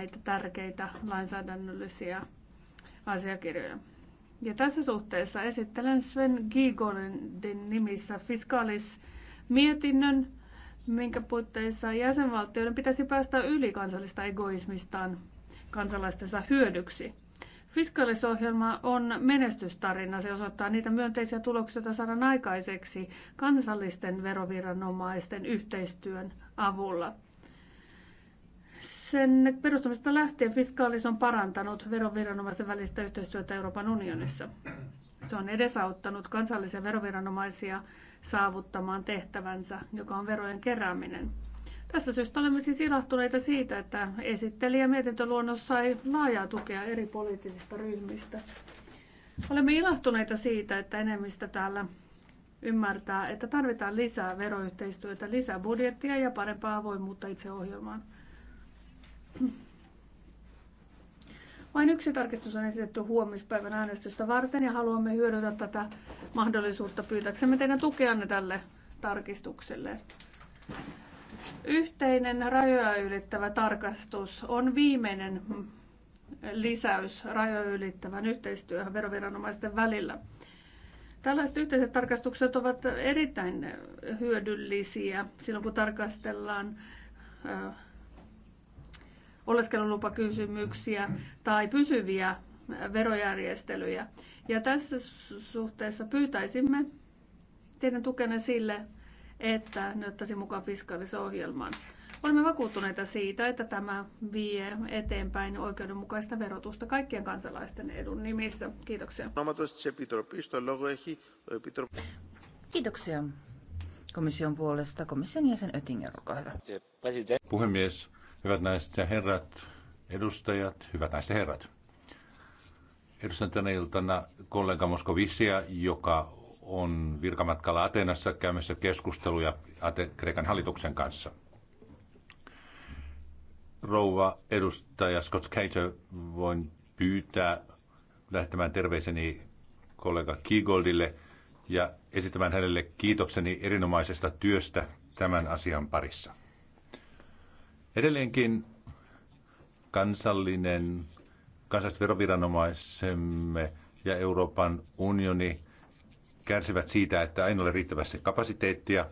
näitä tärkeitä lainsäädännöllisiä asiakirjoja. Ja tässä suhteessa esittelen Sven Giegoldin nimissä fiskaalismietinnön, minkä puitteissa jäsenvaltioiden pitäisi päästä yli kansallista egoismistaan kansalaistensa hyödyksi. Fiskaalisohjelma on menestystarina. Se osoittaa niitä myönteisiä tuloksia, joita saadaan aikaiseksi kansallisten veroviranomaisten yhteistyön avulla. Sen perustamista lähtien fiskaalis on parantanut veroviranomaisten välistä yhteistyötä Euroopan unionissa. Se on edesauttanut kansallisia veroviranomaisia saavuttamaan tehtävänsä, joka on verojen kerääminen. Tästä syystä olemme siis ilahtuneita siitä, että esittelijä mietintöluonnos sai laajaa tukea eri poliittisista ryhmistä. Olemme ilahtuneita siitä, että enemmistö täällä ymmärtää, että tarvitaan lisää veroyhteistyötä, lisää budjettia ja parempaa avoimuutta itse ohjelmaan. Vain yksi tarkistus on esitetty huomispäivän äänestystä varten ja haluamme hyödyntää tätä mahdollisuutta pyytäksemme teidän tukeanne tälle tarkistukselle. Yhteinen rajoja ylittävä tarkastus on viimeinen lisäys rajoja ylittävän yhteistyöhön veroviranomaisten välillä. Tällaiset yhteiset tarkastukset ovat erittäin hyödyllisiä silloin, kun tarkastellaan oleskelulupakysymyksiä tai pysyviä verojärjestelyjä. Ja tässä suhteessa pyytäisimme teidän tukenne sille, että ne ottaisi mukaan fiskaalisen ohjelman. Olemme vakuuttuneita siitä, että tämä vie eteenpäin oikeudenmukaista verotusta kaikkien kansalaisten edun nimissä. Kiitoksia. Kiitoksia komission puolesta. Komission jäsen Oettinger, olkaa hyvä. Puhemies, Hyvät naiset ja herrat, edustajat, hyvät naiset ja herrat. Edustan tänä iltana kollega Moskovisia, joka on virkamatkalla Atenassa käymässä keskusteluja Ate- Kreikan hallituksen kanssa. Rouva edustaja Scott Cater, voin pyytää lähtemään terveiseni kollega Kigoldille ja esittämään hänelle kiitokseni erinomaisesta työstä tämän asian parissa. Edelleenkin kansallinen, kansalliset veroviranomaisemme ja Euroopan unioni kärsivät siitä, että aina ole riittävästi kapasiteettia,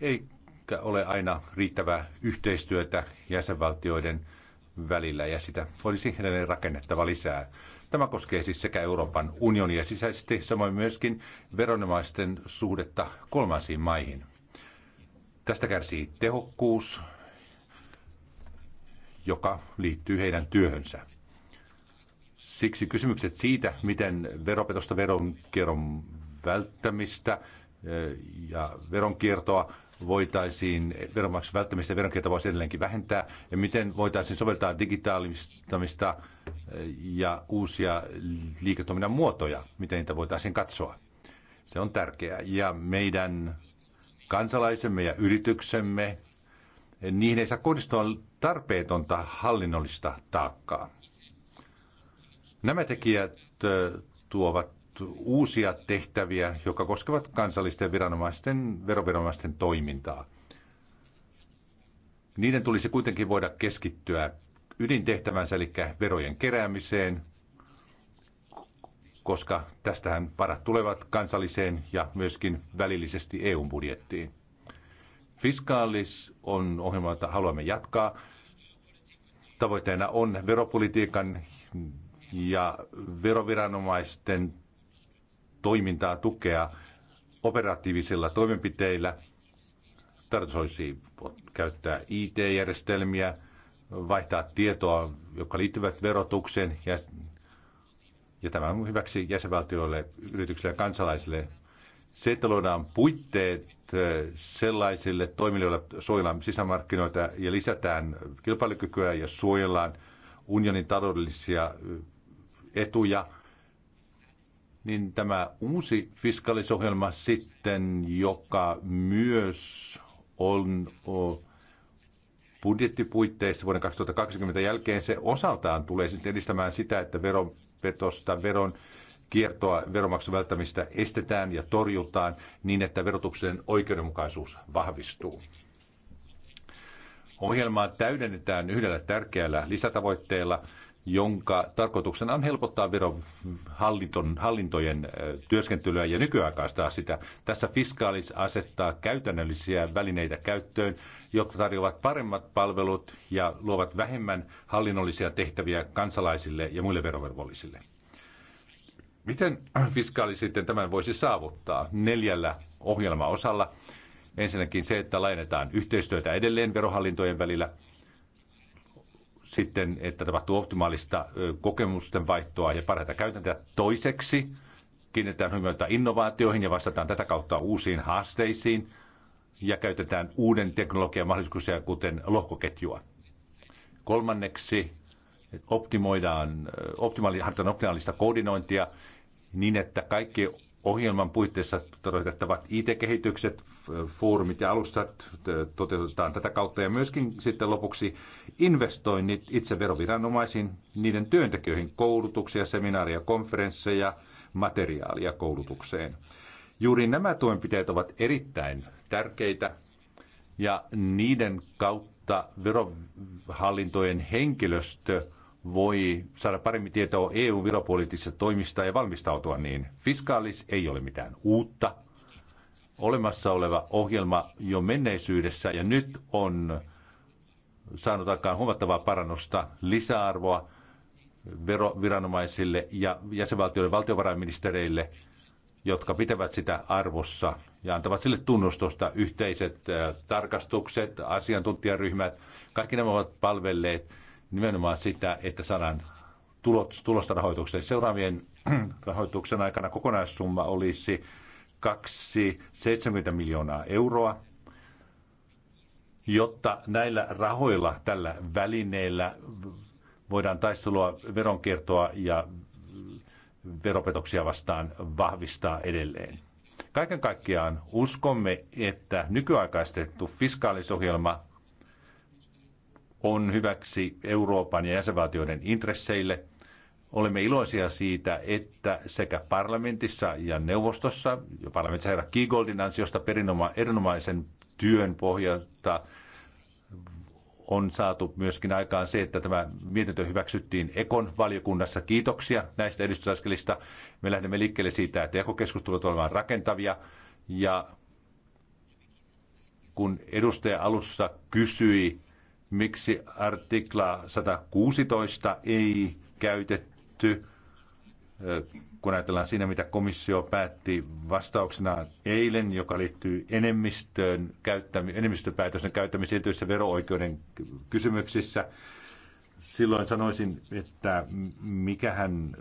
eikä ole aina riittävää yhteistyötä jäsenvaltioiden välillä, ja sitä olisi edelleen rakennettava lisää. Tämä koskee siis sekä Euroopan unionia sisäisesti, samoin myöskin veronomaisten suhdetta kolmansiin maihin. Tästä kärsii tehokkuus, joka liittyy heidän työhönsä. Siksi kysymykset siitä, miten veropetosta, veronkierron välttämistä e, ja veronkiertoa voitaisiin veronmaksun välttämistä ja veronkiertoa voisi edelleenkin vähentää, ja miten voitaisiin soveltaa digitaalistamista e, ja uusia liiketoiminnan muotoja, miten niitä voitaisiin katsoa. Se on tärkeää. Ja meidän kansalaisemme ja yrityksemme niihin ei saa kohdistua tarpeetonta hallinnollista taakkaa. Nämä tekijät tuovat uusia tehtäviä, jotka koskevat kansallisten viranomaisten, veroviranomaisten toimintaa. Niiden tulisi kuitenkin voida keskittyä ydintehtävänsä, eli verojen keräämiseen, koska tästähän varat tulevat kansalliseen ja myöskin välillisesti EU-budjettiin. Fiskaalis on ohjelma, jota haluamme jatkaa. Tavoitteena on veropolitiikan ja veroviranomaisten toimintaa tukea operatiivisilla toimenpiteillä. Tarkoitus olisi käyttää IT-järjestelmiä, vaihtaa tietoa, joka liittyvät verotukseen ja, ja on hyväksi jäsenvaltioille, yrityksille ja kansalaisille. Se, että luodaan puitteet sellaisille toimijoille, joilla suojellaan sisämarkkinoita ja lisätään kilpailukykyä ja suojellaan unionin taloudellisia etuja, niin tämä uusi fiskalisohjelma sitten, joka myös on budjettipuitteissa vuoden 2020 jälkeen, se osaltaan tulee sitten edistämään sitä, että veronpetosta, veron kiertoa veromaksun välttämistä estetään ja torjutaan niin, että verotuksen oikeudenmukaisuus vahvistuu. Ohjelmaa täydennetään yhdellä tärkeällä lisätavoitteella, jonka tarkoituksena on helpottaa verohallintojen työskentelyä ja nykyaikaistaa sitä. Tässä fiskaalis asettaa käytännöllisiä välineitä käyttöön, jotka tarjoavat paremmat palvelut ja luovat vähemmän hallinnollisia tehtäviä kansalaisille ja muille verovelvollisille. Miten fiskaali sitten tämän voisi saavuttaa? Neljällä ohjelmaosalla. Ensinnäkin se, että lainetaan yhteistyötä edelleen verohallintojen välillä. Sitten, että tapahtuu optimaalista kokemusten vaihtoa ja parhaita käytäntöjä. Toiseksi, kiinnitetään huomiota innovaatioihin ja vastataan tätä kautta uusiin haasteisiin ja käytetään uuden teknologian mahdollisuuksia, kuten lohkoketjua. Kolmanneksi optimoidaan optimaali, optimaalista koordinointia niin, että kaikki ohjelman puitteissa toteutettavat IT-kehitykset, foorumit ja alustat toteutetaan tätä kautta ja myöskin sitten lopuksi investoinnit itse veroviranomaisiin, niiden työntekijöihin, koulutuksia, seminaaria, konferensseja, materiaalia koulutukseen. Juuri nämä toimenpiteet ovat erittäin tärkeitä ja niiden kautta verohallintojen henkilöstö – voi saada paremmin tietoa EU-viropoliittisista toimista ja valmistautua niin. Fiskaalis ei ole mitään uutta. Olemassa oleva ohjelma jo menneisyydessä ja nyt on saanut aikaan huomattavaa parannusta, lisäarvoa veroviranomaisille ja jäsenvaltioiden valtiovarainministereille, jotka pitävät sitä arvossa ja antavat sille tunnustusta. Yhteiset tarkastukset, asiantuntijaryhmät, kaikki nämä ovat palvelleet nimenomaan sitä, että saadaan tulot, tulosta rahoitukseen. Seuraavien rahoituksen aikana kokonaissumma olisi 270 miljoonaa euroa, jotta näillä rahoilla, tällä välineellä voidaan taistelua veronkiertoa ja veropetoksia vastaan vahvistaa edelleen. Kaiken kaikkiaan uskomme, että nykyaikaistettu fiskaalisohjelma on hyväksi Euroopan ja jäsenvaltioiden intresseille. Olemme iloisia siitä, että sekä parlamentissa ja neuvostossa, ja parlamentissa herra Kigoldin ansiosta perinoma, erinomaisen työn pohjalta on saatu myöskin aikaan se, että tämä mietintö hyväksyttiin Ekon valiokunnassa. Kiitoksia näistä edistysaskelista. Me lähdemme liikkeelle siitä, että ekokeskustelut ovat rakentavia ja kun edustaja alussa kysyi miksi artikla 116 ei käytetty, kun ajatellaan siinä, mitä komissio päätti vastauksena eilen, joka liittyy enemmistöön käyttämi, enemmistöpäätösten käyttämiseen tietyissä vero-oikeuden kysymyksissä. Silloin sanoisin, että mikähän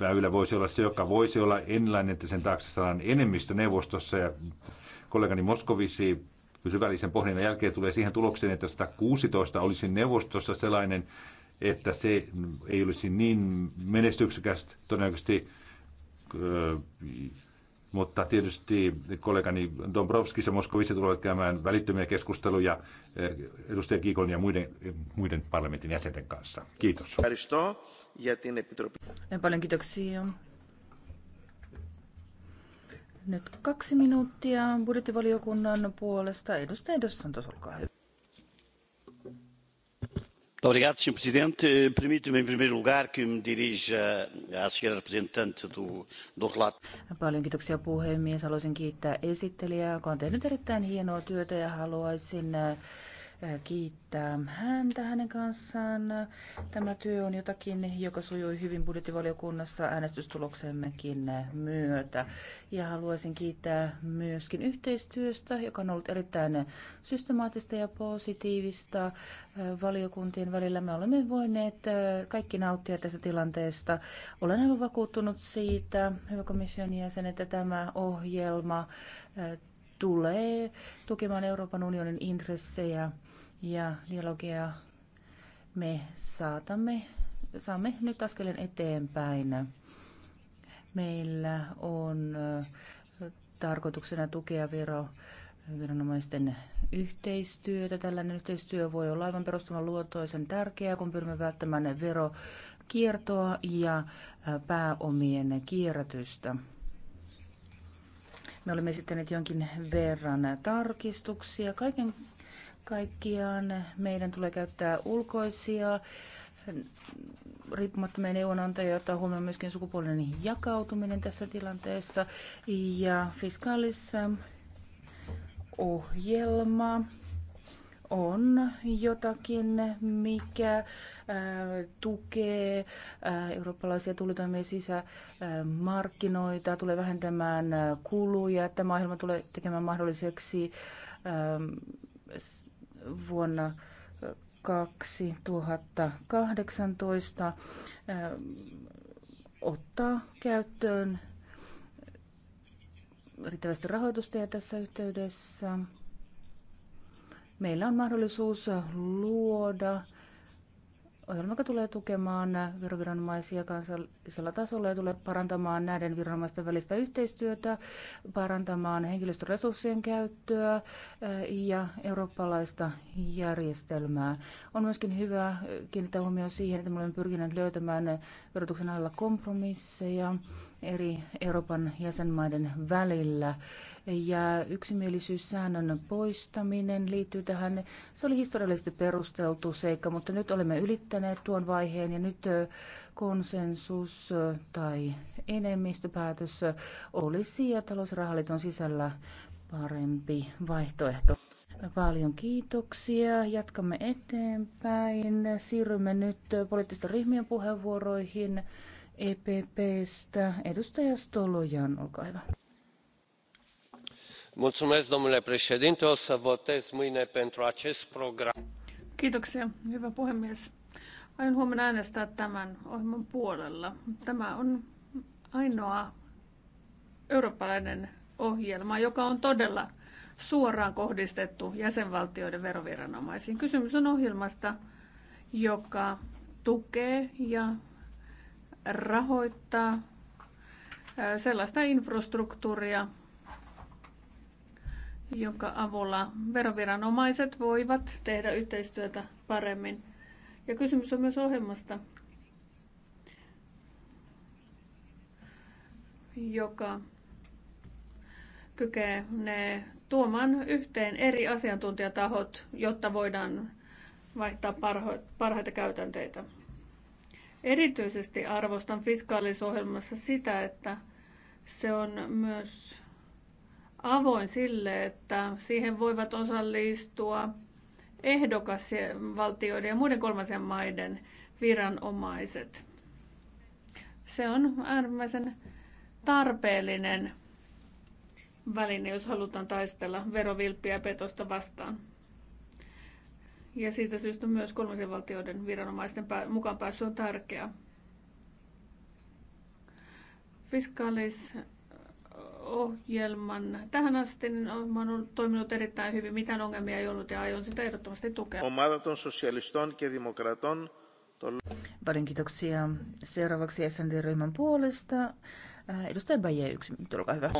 väylä voisi olla se, joka voisi olla enlainen, että sen taakse saadaan enemmistö neuvostossa. Ja kollegani Moskovisi syvällisen pohdinnan jälkeen tulee siihen tulokseen, että 116 olisi neuvostossa sellainen, että se ei olisi niin menestyksekästä todennäköisesti, mutta tietysti kollegani Dombrovskis ja Moskovissa tulevat käymään välittömiä keskusteluja edustaja Kiikon ja muiden, muiden parlamentin jäsenten kanssa. Kiitos. Paljon kiitoksia. Nyt kaksi minuuttia budjettivaliokunnan puolesta. Edustaja Dossantos, olkaa hyvä. Sr. Presidente, permita-me em primeiro lugar que me dirija à senhora representante do, do relato. Paljon kiitoksia puhemies. Haluaisin kiittää esittelijää, joka on tehnyt erittäin hienoa työtä ja haluaisin kiittää häntä hänen kanssaan. Tämä työ on jotakin, joka sujui hyvin budjettivaliokunnassa äänestystuloksemmekin myötä. Ja haluaisin kiittää myöskin yhteistyöstä, joka on ollut erittäin systemaattista ja positiivista valiokuntien välillä. Me olemme voineet kaikki nauttia tästä tilanteesta. Olen aivan vakuuttunut siitä, hyvä komission jäsen, että tämä ohjelma tulee tukemaan Euroopan unionin intressejä ja dialogia. Me saatamme, saamme nyt askeleen eteenpäin. Meillä on tarkoituksena tukea vero viranomaisten yhteistyötä. Tällainen yhteistyö voi olla aivan perustuvan luotoisen tärkeää, kun pyrimme välttämään verokiertoa ja pääomien kierrätystä. Me olemme esittäneet jonkin verran tarkistuksia. Kaiken kaikkiaan meidän tulee käyttää ulkoisia riippumattomia neuvonantajia, ottaa huomioon myöskin sukupuolinen jakautuminen tässä tilanteessa ja fiskaalissa ohjelma on jotakin, mikä äh, tukee äh, eurooppalaisia tulitoimien sisämarkkinoita, äh, tulee vähentämään kuluja. Tämä ohjelma tulee tekemään mahdolliseksi ähm, vuonna 2018 ottaa käyttöön riittävästi rahoitusta ja tässä yhteydessä meillä on mahdollisuus luoda ohjelma, joka tulee tukemaan veroviranomaisia kansallisella tasolla ja tulee parantamaan näiden viranomaisten välistä yhteistyötä, parantamaan henkilöstöresurssien käyttöä eh, ja eurooppalaista järjestelmää. On myöskin hyvä kiinnittää huomioon siihen, että me olemme pyrkineet löytämään verotuksen alla kompromisseja eri Euroopan jäsenmaiden välillä ja yksimielisyyssäännön poistaminen liittyy tähän. Se oli historiallisesti perusteltu seikka, mutta nyt olemme ylittäneet tuon vaiheen ja nyt konsensus tai enemmistöpäätös olisi ja talousrahaliton sisällä parempi vaihtoehto. Paljon kiitoksia. Jatkamme eteenpäin. Siirrymme nyt poliittisten ryhmien puheenvuoroihin EPPstä. Edustaja Stolojan, olkaa hyvä domnule președinte o să votez mâine pentru acest program. Kiitoksia, hyvä puhemies. Aion huomenna äänestää tämän ohjelman puolella. Tämä on ainoa eurooppalainen ohjelma, joka on todella suoraan kohdistettu jäsenvaltioiden veroviranomaisiin. Kysymys on ohjelmasta, joka tukee ja rahoittaa sellaista infrastruktuuria, jonka avulla veroviranomaiset voivat tehdä yhteistyötä paremmin. Ja kysymys on myös ohjelmasta, joka kykenee tuomaan yhteen eri asiantuntijatahot, jotta voidaan vaihtaa parhaita käytänteitä. Erityisesti arvostan fiskaalisohjelmassa sitä, että se on myös avoin sille, että siihen voivat osallistua ehdokasvaltioiden ja muiden kolmansien maiden viranomaiset. Se on äärimmäisen tarpeellinen väline, jos halutaan taistella verovilppiä ja petosta vastaan. Ja siitä syystä myös kolmansien valtioiden viranomaisten mukaan pääsy on tärkeää. Fiskalis ohjelman tähän asti, niin on ollut, toiminut erittäin hyvin. Mitään ongelmia ei ollut ja aion sitä ehdottomasti tukea. Omada ton sosialiston ja demokraton. Paljon kiitoksia. Seuraavaksi SND-ryhmän puolesta äh, Edustaja Baye, yksi minuutti, olkaa hyvä.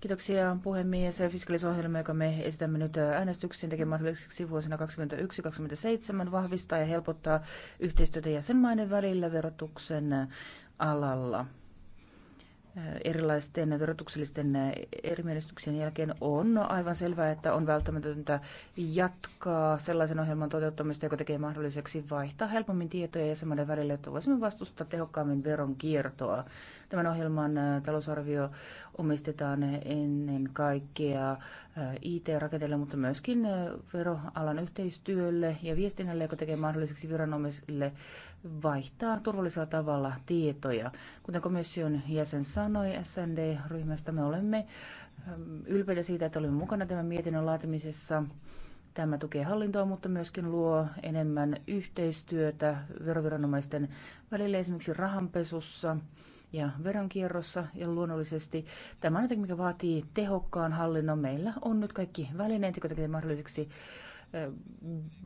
Kiitoksia puhemies. Fiskalisohjelma, joka me esitämme nyt äh, äänestyksiin tekee mahdolliseksi vuosina 2021-2027 vahvistaa ja helpottaa yhteistyötä jäsenmaiden välillä verotuksen äh, alalla erilaisten verotuksellisten erimielisyyksien jälkeen on aivan selvää, että on välttämätöntä jatkaa sellaisen ohjelman toteuttamista, joka tekee mahdolliseksi vaihtaa helpommin tietoja jäsenmaiden välillä, että voisimme vastustaa tehokkaammin veron kiertoa. Tämän ohjelman äh, talousarvio omistetaan ennen kaikkea äh, IT-rakenteelle, mutta myöskin äh, veroalan yhteistyölle ja viestinnälle, joka tekee mahdolliseksi viranomaisille vaihtaa turvallisella tavalla tietoja. Kuten komission jäsen sanoi SND-ryhmästä, me olemme ähm, ylpeitä siitä, että olimme mukana tämän mietinnön laatimisessa. Tämä tukee hallintoa, mutta myöskin luo enemmän yhteistyötä veroviranomaisten välillä esimerkiksi rahanpesussa ja veronkierrossa ja luonnollisesti tämä on jotenkin, mikä vaatii tehokkaan hallinnon. Meillä on nyt kaikki välineet, jotka tekevät mahdolliseksi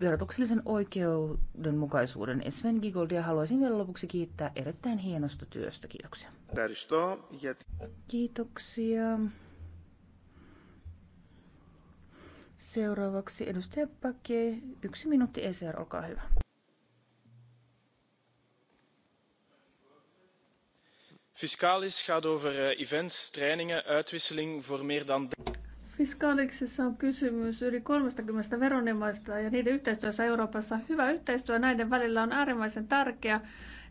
verotuksellisen oikeudenmukaisuuden. Sven Gigoldia haluaisin vielä lopuksi kiittää erittäin hienosta työstä. Kiitoksia. Kiitoksia. Seuraavaksi edustaja Pakke, yksi minuutti ECR, olkaa hyvä. Fiscalis gaat over eh, events, trainingen, uitwisseling voor meer dan... Fiskaaliksessa on kysymys yli 30 veronimaista ja niiden yhteistyössä Euroopassa. Hyvä yhteistyö näiden välillä on äärimmäisen tärkeä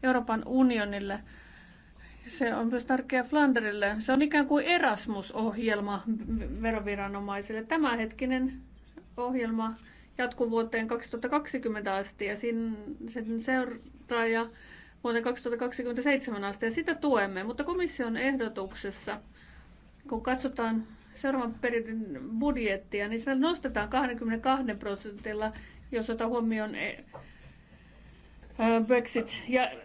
Euroopan unionille. Se on myös tärkeä Flanderille. Se on ikään kuin Erasmus-ohjelma veroviranomaisille. Tämänhetkinen ohjelma jatkuu vuoteen 2020 asti ja sen seuraaja vuoteen 2027 asti ja sitä tuemme. Mutta komission ehdotuksessa, kun katsotaan seuraavan periodin budjettia, niin se nostetaan 22 prosentilla, jos otetaan huomioon eh, eh, Brexit. Ja eh,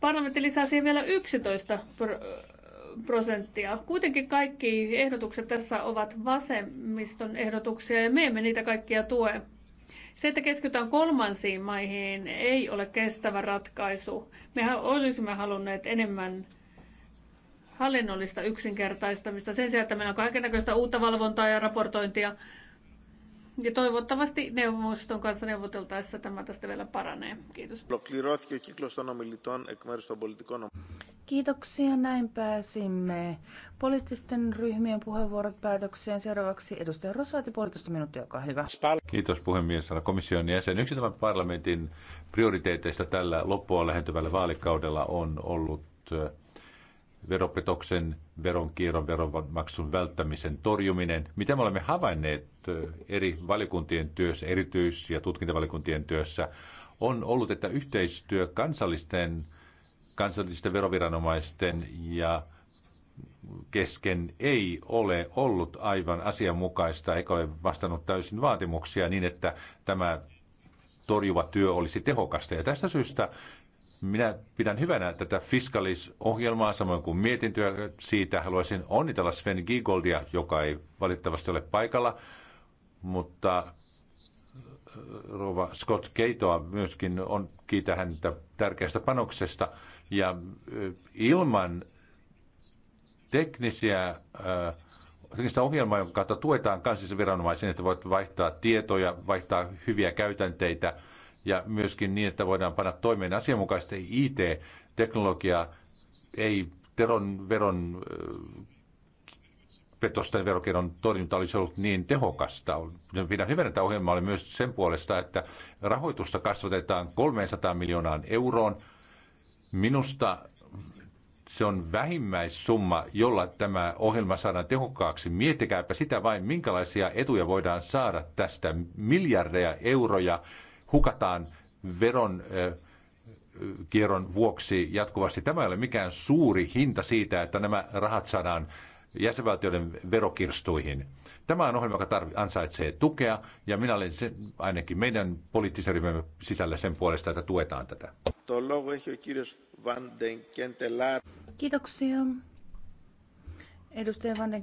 parlamentti lisää siihen vielä 11 prosenttia. Kuitenkin kaikki ehdotukset tässä ovat vasemmiston ehdotuksia ja me emme niitä kaikkia tue. Se, että keskitytään kolmansiin maihin, ei ole kestävä ratkaisu. Mehän olisimme halunneet enemmän hallinnollista yksinkertaistamista sen sijaan, että meillä on kaikenlaista uutta valvontaa ja raportointia. Ja toivottavasti neuvoston kanssa neuvoteltaessa tämä tästä vielä paranee. Kiitos. Kiitoksia. Näin pääsimme poliittisten ryhmien puheenvuorot päätökseen. Seuraavaksi edustaja Rosati, puolitoista minuuttia, olkaa hyvä. Kiitos puhemies, komission jäsen. Yksi tämän parlamentin prioriteeteista tällä loppua lähentyvällä vaalikaudella on ollut veropetoksen, veronkierron, veronmaksun välttämisen torjuminen. Mitä me olemme havainneet eh, eri valikuntien työssä, erityis- ja tutkintavalikuntien työssä, on ollut, että yhteistyö kansallisten, kansallisten veroviranomaisten ja kesken ei ole ollut aivan asianmukaista eikä ole vastannut täysin vaatimuksia niin, että tämä torjuva työ olisi tehokasta. Ja tästä syystä minä pidän hyvänä tätä fiskalisohjelmaa samoin kuin mietintöä siitä. Haluaisin onnitella Sven Giegoldia, joka ei valitettavasti ole paikalla, mutta äh, rouva Scott Keitoa myöskin on kiitä häntä tärkeästä panoksesta. Ja äh, ilman teknisiä äh, teknistä ohjelmaa, jonka kautta tuetaan kansallisen viranomaisen, että voit vaihtaa tietoja, vaihtaa hyviä käytänteitä – ja myöskin niin, että voidaan panna toimeen asianmukaisesti IT-teknologiaa, ei teron, veron, äh, petosten verokirjon torjunta olisi ollut niin tehokasta. Pidän hyvänä ohjelma oli myös sen puolesta, että rahoitusta kasvatetaan 300 miljoonaan euroon. Minusta se on vähimmäissumma, jolla tämä ohjelma saadaan tehokkaaksi. Miettikääpä sitä vain, minkälaisia etuja voidaan saada tästä. Miljardeja euroja hukataan veron kierron vuoksi jatkuvasti. Tämä ei ole mikään suuri hinta siitä, että nämä rahat saadaan jäsenvaltioiden verokirstuihin. Tämä on ohjelma, joka tarvi, ansaitsee tukea, ja minä olen sen, ainakin meidän poliittisen ryhmämme sisällä sen puolesta, että tuetaan tätä. Kiitoksia. Edustaja Van den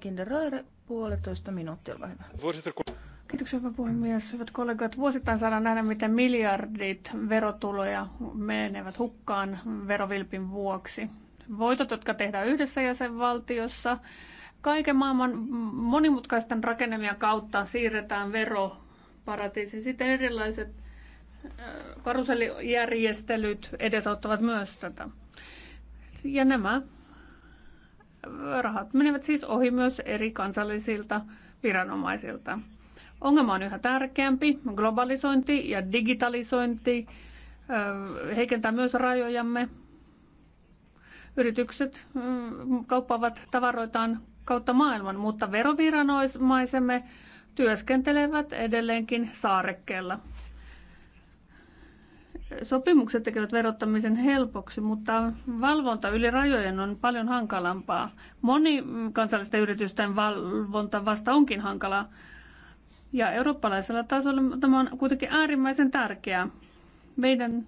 puolitoista minuuttia, olkaa hyvä. Kiitoksia, hyvä puhemies. Hyvät kollegat, vuosittain saadaan nähdä, miten miljardit verotuloja menevät hukkaan verovilpin vuoksi. Voitot, jotka tehdään yhdessä jäsenvaltiossa, kaiken maailman monimutkaisten rakennelmien kautta siirretään veroparatiisiin. Sitten erilaiset äh, karusellijärjestelyt edesauttavat myös tätä. Ja nämä rahat menevät siis ohi myös eri kansallisilta viranomaisilta. Ongelma on yhä tärkeämpi. Globalisointi ja digitalisointi heikentää myös rajojamme. Yritykset mm, kauppaavat tavaroitaan kautta maailman, mutta veroviranomaisemme työskentelevät edelleenkin saarekkeella. Sopimukset tekevät verottamisen helpoksi, mutta valvonta yli rajojen on paljon hankalampaa. Moni kansallisten yritysten valvonta vasta onkin hankalaa. Ja eurooppalaisella tasolla tämä on kuitenkin äärimmäisen tärkeää. Meidän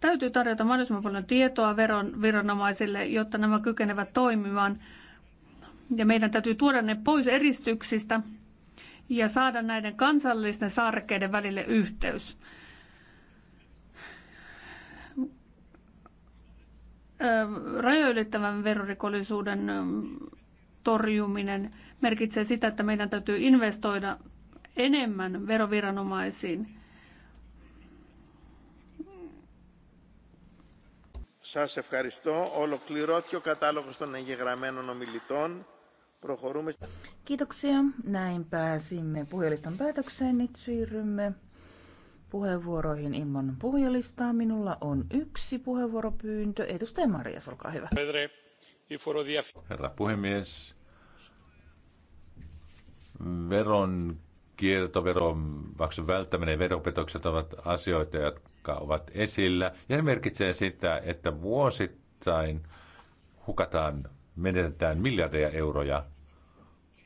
täytyy tarjota mahdollisimman paljon tietoa veron viranomaisille, jotta nämä kykenevät toimimaan. Ja meidän täytyy tuoda ne pois eristyksistä ja saada näiden kansallisten saarkkeiden välille yhteys. Rajoylittävän verorikollisuuden torjuminen merkitsee sitä, että meidän täytyy investoida enemmän veroviranomaisiin. Σας ευχαριστώ. Ολοκληρώθηκε ο κατάλογος των εγγεγραμμένων ομιλητών. Προχωρούμε. Kiitoksia. Näin pääsimme puhujalistan päätökseen. Nyt siirrymme puheenvuoroihin immon. puhujalistaa. Minulla on yksi puheenvuoropyyntö. Edustaja Maria olkaa hyvä. Herra puhemies, veron kiertoveron maksun välttäminen ja veropetokset ovat asioita, jotka ovat esillä. Ja se merkitsee sitä, että vuosittain hukataan, menetetään miljardeja euroja.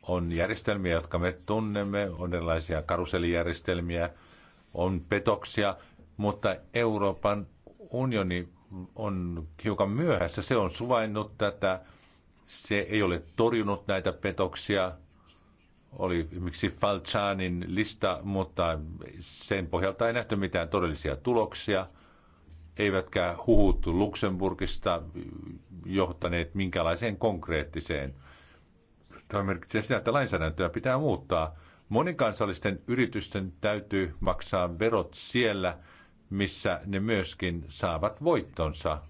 On järjestelmiä, jotka me tunnemme, on erilaisia karuselijärjestelmiä, on petoksia, mutta Euroopan unioni on hiukan myöhässä. Se on suvainnut tätä, se ei ole torjunut näitä petoksia, oli miksi Falchanin lista, mutta sen pohjalta ei nähty mitään todellisia tuloksia, eivätkä huhut Luxemburgista johtaneet minkälaiseen konkreettiseen. Tämä merkitsee sitä, että lainsäädäntöä pitää muuttaa. Monikansallisten yritysten täytyy maksaa verot siellä, missä ne myöskin saavat voittonsa.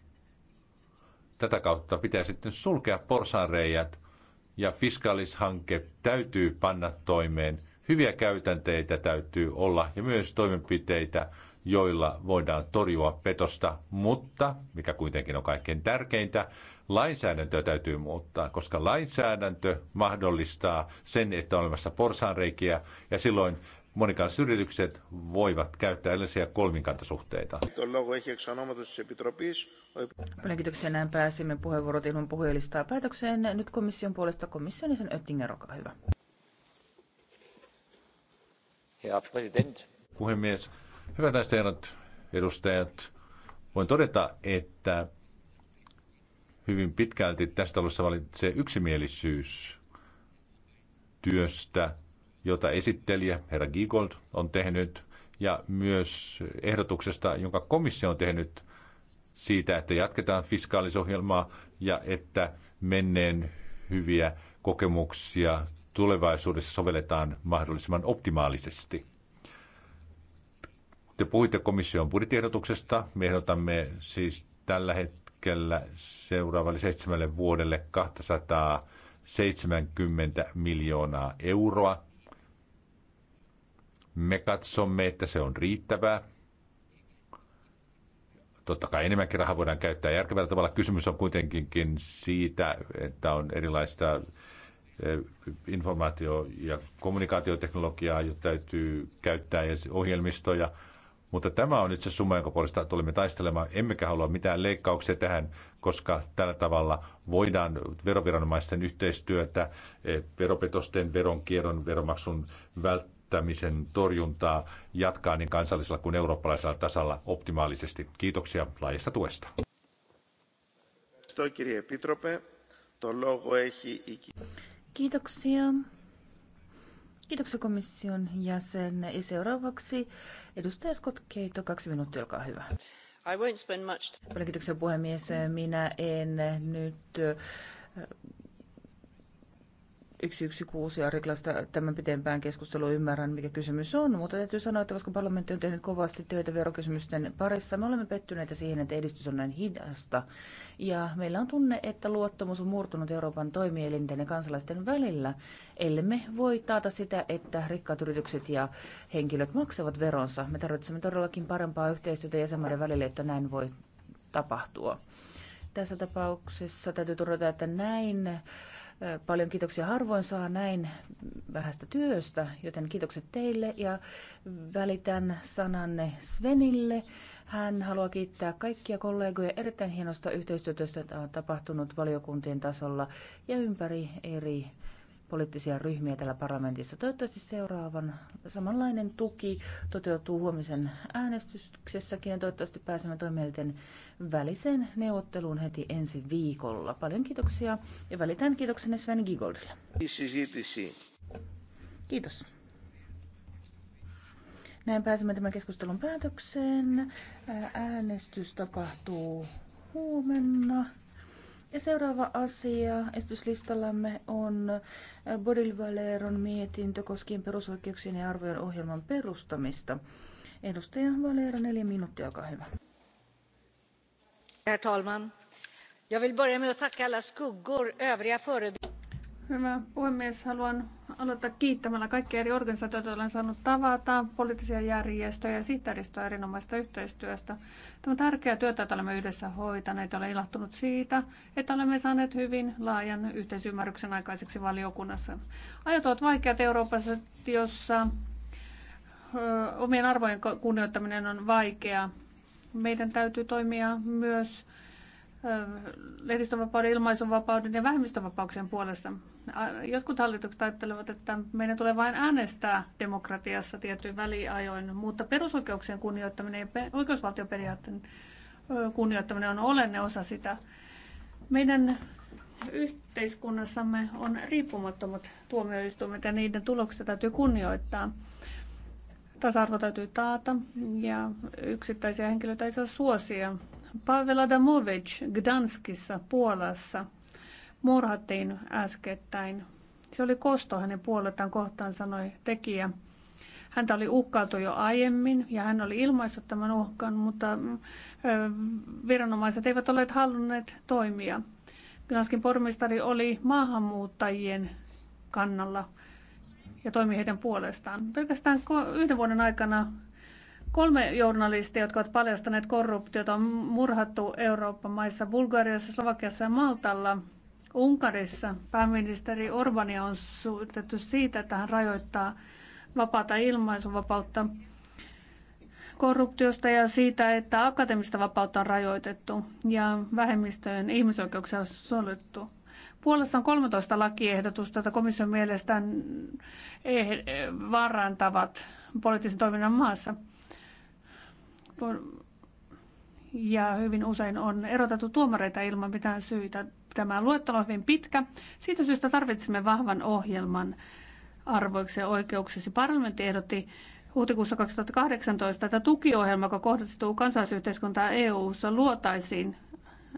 Tätä kautta pitää sitten sulkea porsanreijät ja fiskaalishanke täytyy panna toimeen. Hyviä käytänteitä täytyy olla ja myös toimenpiteitä, joilla voidaan torjua petosta, mutta, mikä kuitenkin on kaikkein tärkeintä, lainsäädäntöä täytyy muuttaa, koska lainsäädäntö mahdollistaa sen, että on olemassa porsaanreikiä ja silloin monikansalliset yritykset voivat käyttää erilaisia kolminkantasuhteita. Paljon kiitoksia. Näin pääsimme puheenvuorot ilman puhujalistaa päätökseen. Nyt komission puolesta komission jäsen Oettinger, olkaa hyvä. Herr Präsident. Puhemies, hyvät näistä herrat, edustajat, voin todeta, että hyvin pitkälti tästä alussa valitsee yksimielisyys työstä, jota esittelijä herra Giegold on tehnyt, ja myös ehdotuksesta, jonka komissio on tehnyt siitä, että jatketaan fiskaalisohjelmaa ja että menneen hyviä kokemuksia tulevaisuudessa sovelletaan mahdollisimman optimaalisesti. Te puhuitte komission budjettiehdotuksesta. Me ehdotamme siis tällä hetkellä seuraavalle seitsemälle vuodelle 270 miljoonaa euroa. Me katsomme, että se on riittävää. Totta kai enemmänkin rahaa voidaan käyttää järkevällä tavalla. Kysymys on kuitenkin siitä, että on erilaista eh, informaatio- ja kommunikaatioteknologiaa, jota täytyy käyttää ja ohjelmistoja. Mutta tämä on nyt se summa, jonka puolesta tulemme taistelemaan. Emmekä halua mitään leikkauksia tähän, koska tällä tavalla voidaan veroviranomaisten yhteistyötä, eh, veropetosten, veronkierron, veromaksun vält- syrjittämisen torjuntaa jatkaa niin kansallisella kuin eurooppalaisella tasalla optimaalisesti. Kiitoksia laajasta tuesta. Kiitoksia. Kiitoksia komission jäsen. Ja seuraavaksi edustaja Scott Keito, kaksi minuuttia, olkaa hyvä. I won't spend much... Kiitoksia puhemies. Minä en nyt 116 artiklasta tämän pitempään keskustelua ymmärrän, mikä kysymys on, mutta täytyy sanoa, että koska parlamentti on tehnyt kovasti töitä verokysymysten parissa, me olemme pettyneitä siihen, että edistys on näin hidasta. Ja meillä on tunne, että luottamus on murtunut Euroopan toimielinten ja kansalaisten välillä, ellei me voi taata sitä, että rikkaat yritykset ja henkilöt maksavat veronsa. Me tarvitsemme todellakin parempaa yhteistyötä jäsenmaiden välille, että näin voi tapahtua. Tässä tapauksessa täytyy todeta, että näin Paljon kiitoksia harvoin saa näin vähästä työstä, joten kiitokset teille ja välitän sananne Svenille. Hän haluaa kiittää kaikkia kollegoja erittäin hienosta yhteistyötä, jota on tapahtunut valiokuntien tasolla ja ympäri eri poliittisia ryhmiä täällä parlamentissa. Toivottavasti seuraavan samanlainen tuki toteutuu huomisen äänestyksessäkin ja toivottavasti pääsemme toimielten väliseen neuvotteluun heti ensi viikolla. Paljon kiitoksia ja välitän kiitoksen Sven Gigoldille. Kiitos. Näin pääsemme tämän keskustelun päätökseen. Äänestys tapahtuu huomenna. Ja seuraava asia esityslistallamme on äh, Bodil Valeron mietintö koskien perusoikeuksien ja arvojen ohjelman perustamista. Edustaja Valero, neljä minuuttia, olkaa hyvä. Herr talman! Jag vill börja med att tacka alla skuggor, övriga Hyvä puhemies, haluan aloittaa kiittämällä kaikkia eri organisaatioita, olen saanut tavata, poliittisia järjestöjä ja sihteeristöä erinomaista yhteistyöstä. Tämä on tärkeää työtä, jota olemme yhdessä hoitaneet. Olen ilahtunut siitä, että olemme saaneet hyvin laajan yhteisymmärryksen aikaiseksi valiokunnassa. Ajat ovat vaikeat Euroopassa, jossa omien arvojen kunnioittaminen on vaikeaa. Meidän täytyy toimia myös lehdistönvapauden, ilmaisunvapauden ja vähemmistövapauksien puolesta. Jotkut hallitukset ajattelevat, että meidän tulee vain äänestää demokratiassa tietyin väliajoin, mutta perusoikeuksien kunnioittaminen ja oikeusvaltioperiaatteen kunnioittaminen on olenne osa sitä. Meidän yhteiskunnassamme on riippumattomat tuomioistuimet ja niiden tuloksia täytyy kunnioittaa. Tasa-arvo täytyy taata ja yksittäisiä henkilöitä ei saa suosia Pavel Adamovic Gdanskissa Puolassa murhattiin äskettäin. Se oli kosto hänen puoletaan kohtaan, sanoi tekijä. Häntä oli uhkailtu jo aiemmin ja hän oli ilmaissut tämän uhkan, mutta viranomaiset eivät ole halunneet toimia. Gdanskin pormistari oli maahanmuuttajien kannalla ja toimi heidän puolestaan. Pelkästään yhden vuoden aikana Kolme journalistia, jotka ovat paljastaneet korruptiota, on murhattu Euroopan maissa, Bulgariassa, Slovakiassa ja Maltalla. Unkarissa pääministeri Orbania on syytetty siitä, että hän rajoittaa vapaata ilmaisuvapautta korruptiosta ja siitä, että akateemista vapautta on rajoitettu ja vähemmistöjen ihmisoikeuksia on suljettu. Puolessa on 13 lakiehdotusta, joita komission mielestään eh, vaarantavat poliittisen toiminnan maassa ja hyvin usein on erotettu tuomareita ilman mitään syytä. Tämä luettelo on hyvin pitkä. Siitä syystä tarvitsemme vahvan ohjelman arvoiksi ja oikeuksiksi. Parlamentti ehdotti huhtikuussa 2018, että tukiohjelma, joka kohdistuu kansalaisyhteiskuntaa EU-ssa, luotaisiin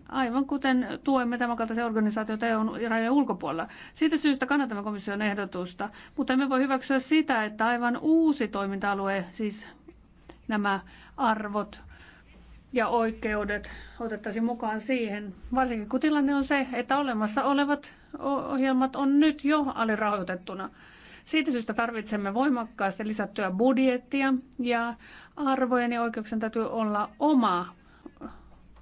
aivan kuten tuemme tämänkaltaisia organisaatioita EUn rajojen ulkopuolella. Siitä syystä kannatamme komission ehdotusta, mutta emme voi hyväksyä sitä, että aivan uusi toiminta-alue, siis nämä arvot ja oikeudet otettaisiin mukaan siihen, varsinkin kun tilanne on se, että olemassa olevat ohjelmat on nyt jo alirahoitettuna. Siitä syystä tarvitsemme voimakkaasti lisättyä budjettia ja arvojen ja oikeuksien täytyy olla oma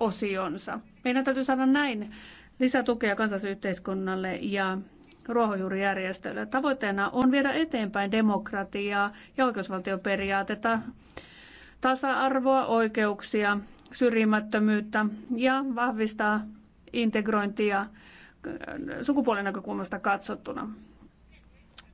osionsa. Meidän täytyy saada näin lisätukea kansallisyhteiskunnalle ja ruohonjuurijärjestöille. Tavoitteena on viedä eteenpäin demokratiaa ja oikeusvaltioperiaatetta tasa-arvoa, oikeuksia, syrjimättömyyttä ja vahvistaa integrointia äh, sukupuolen näkökulmasta katsottuna.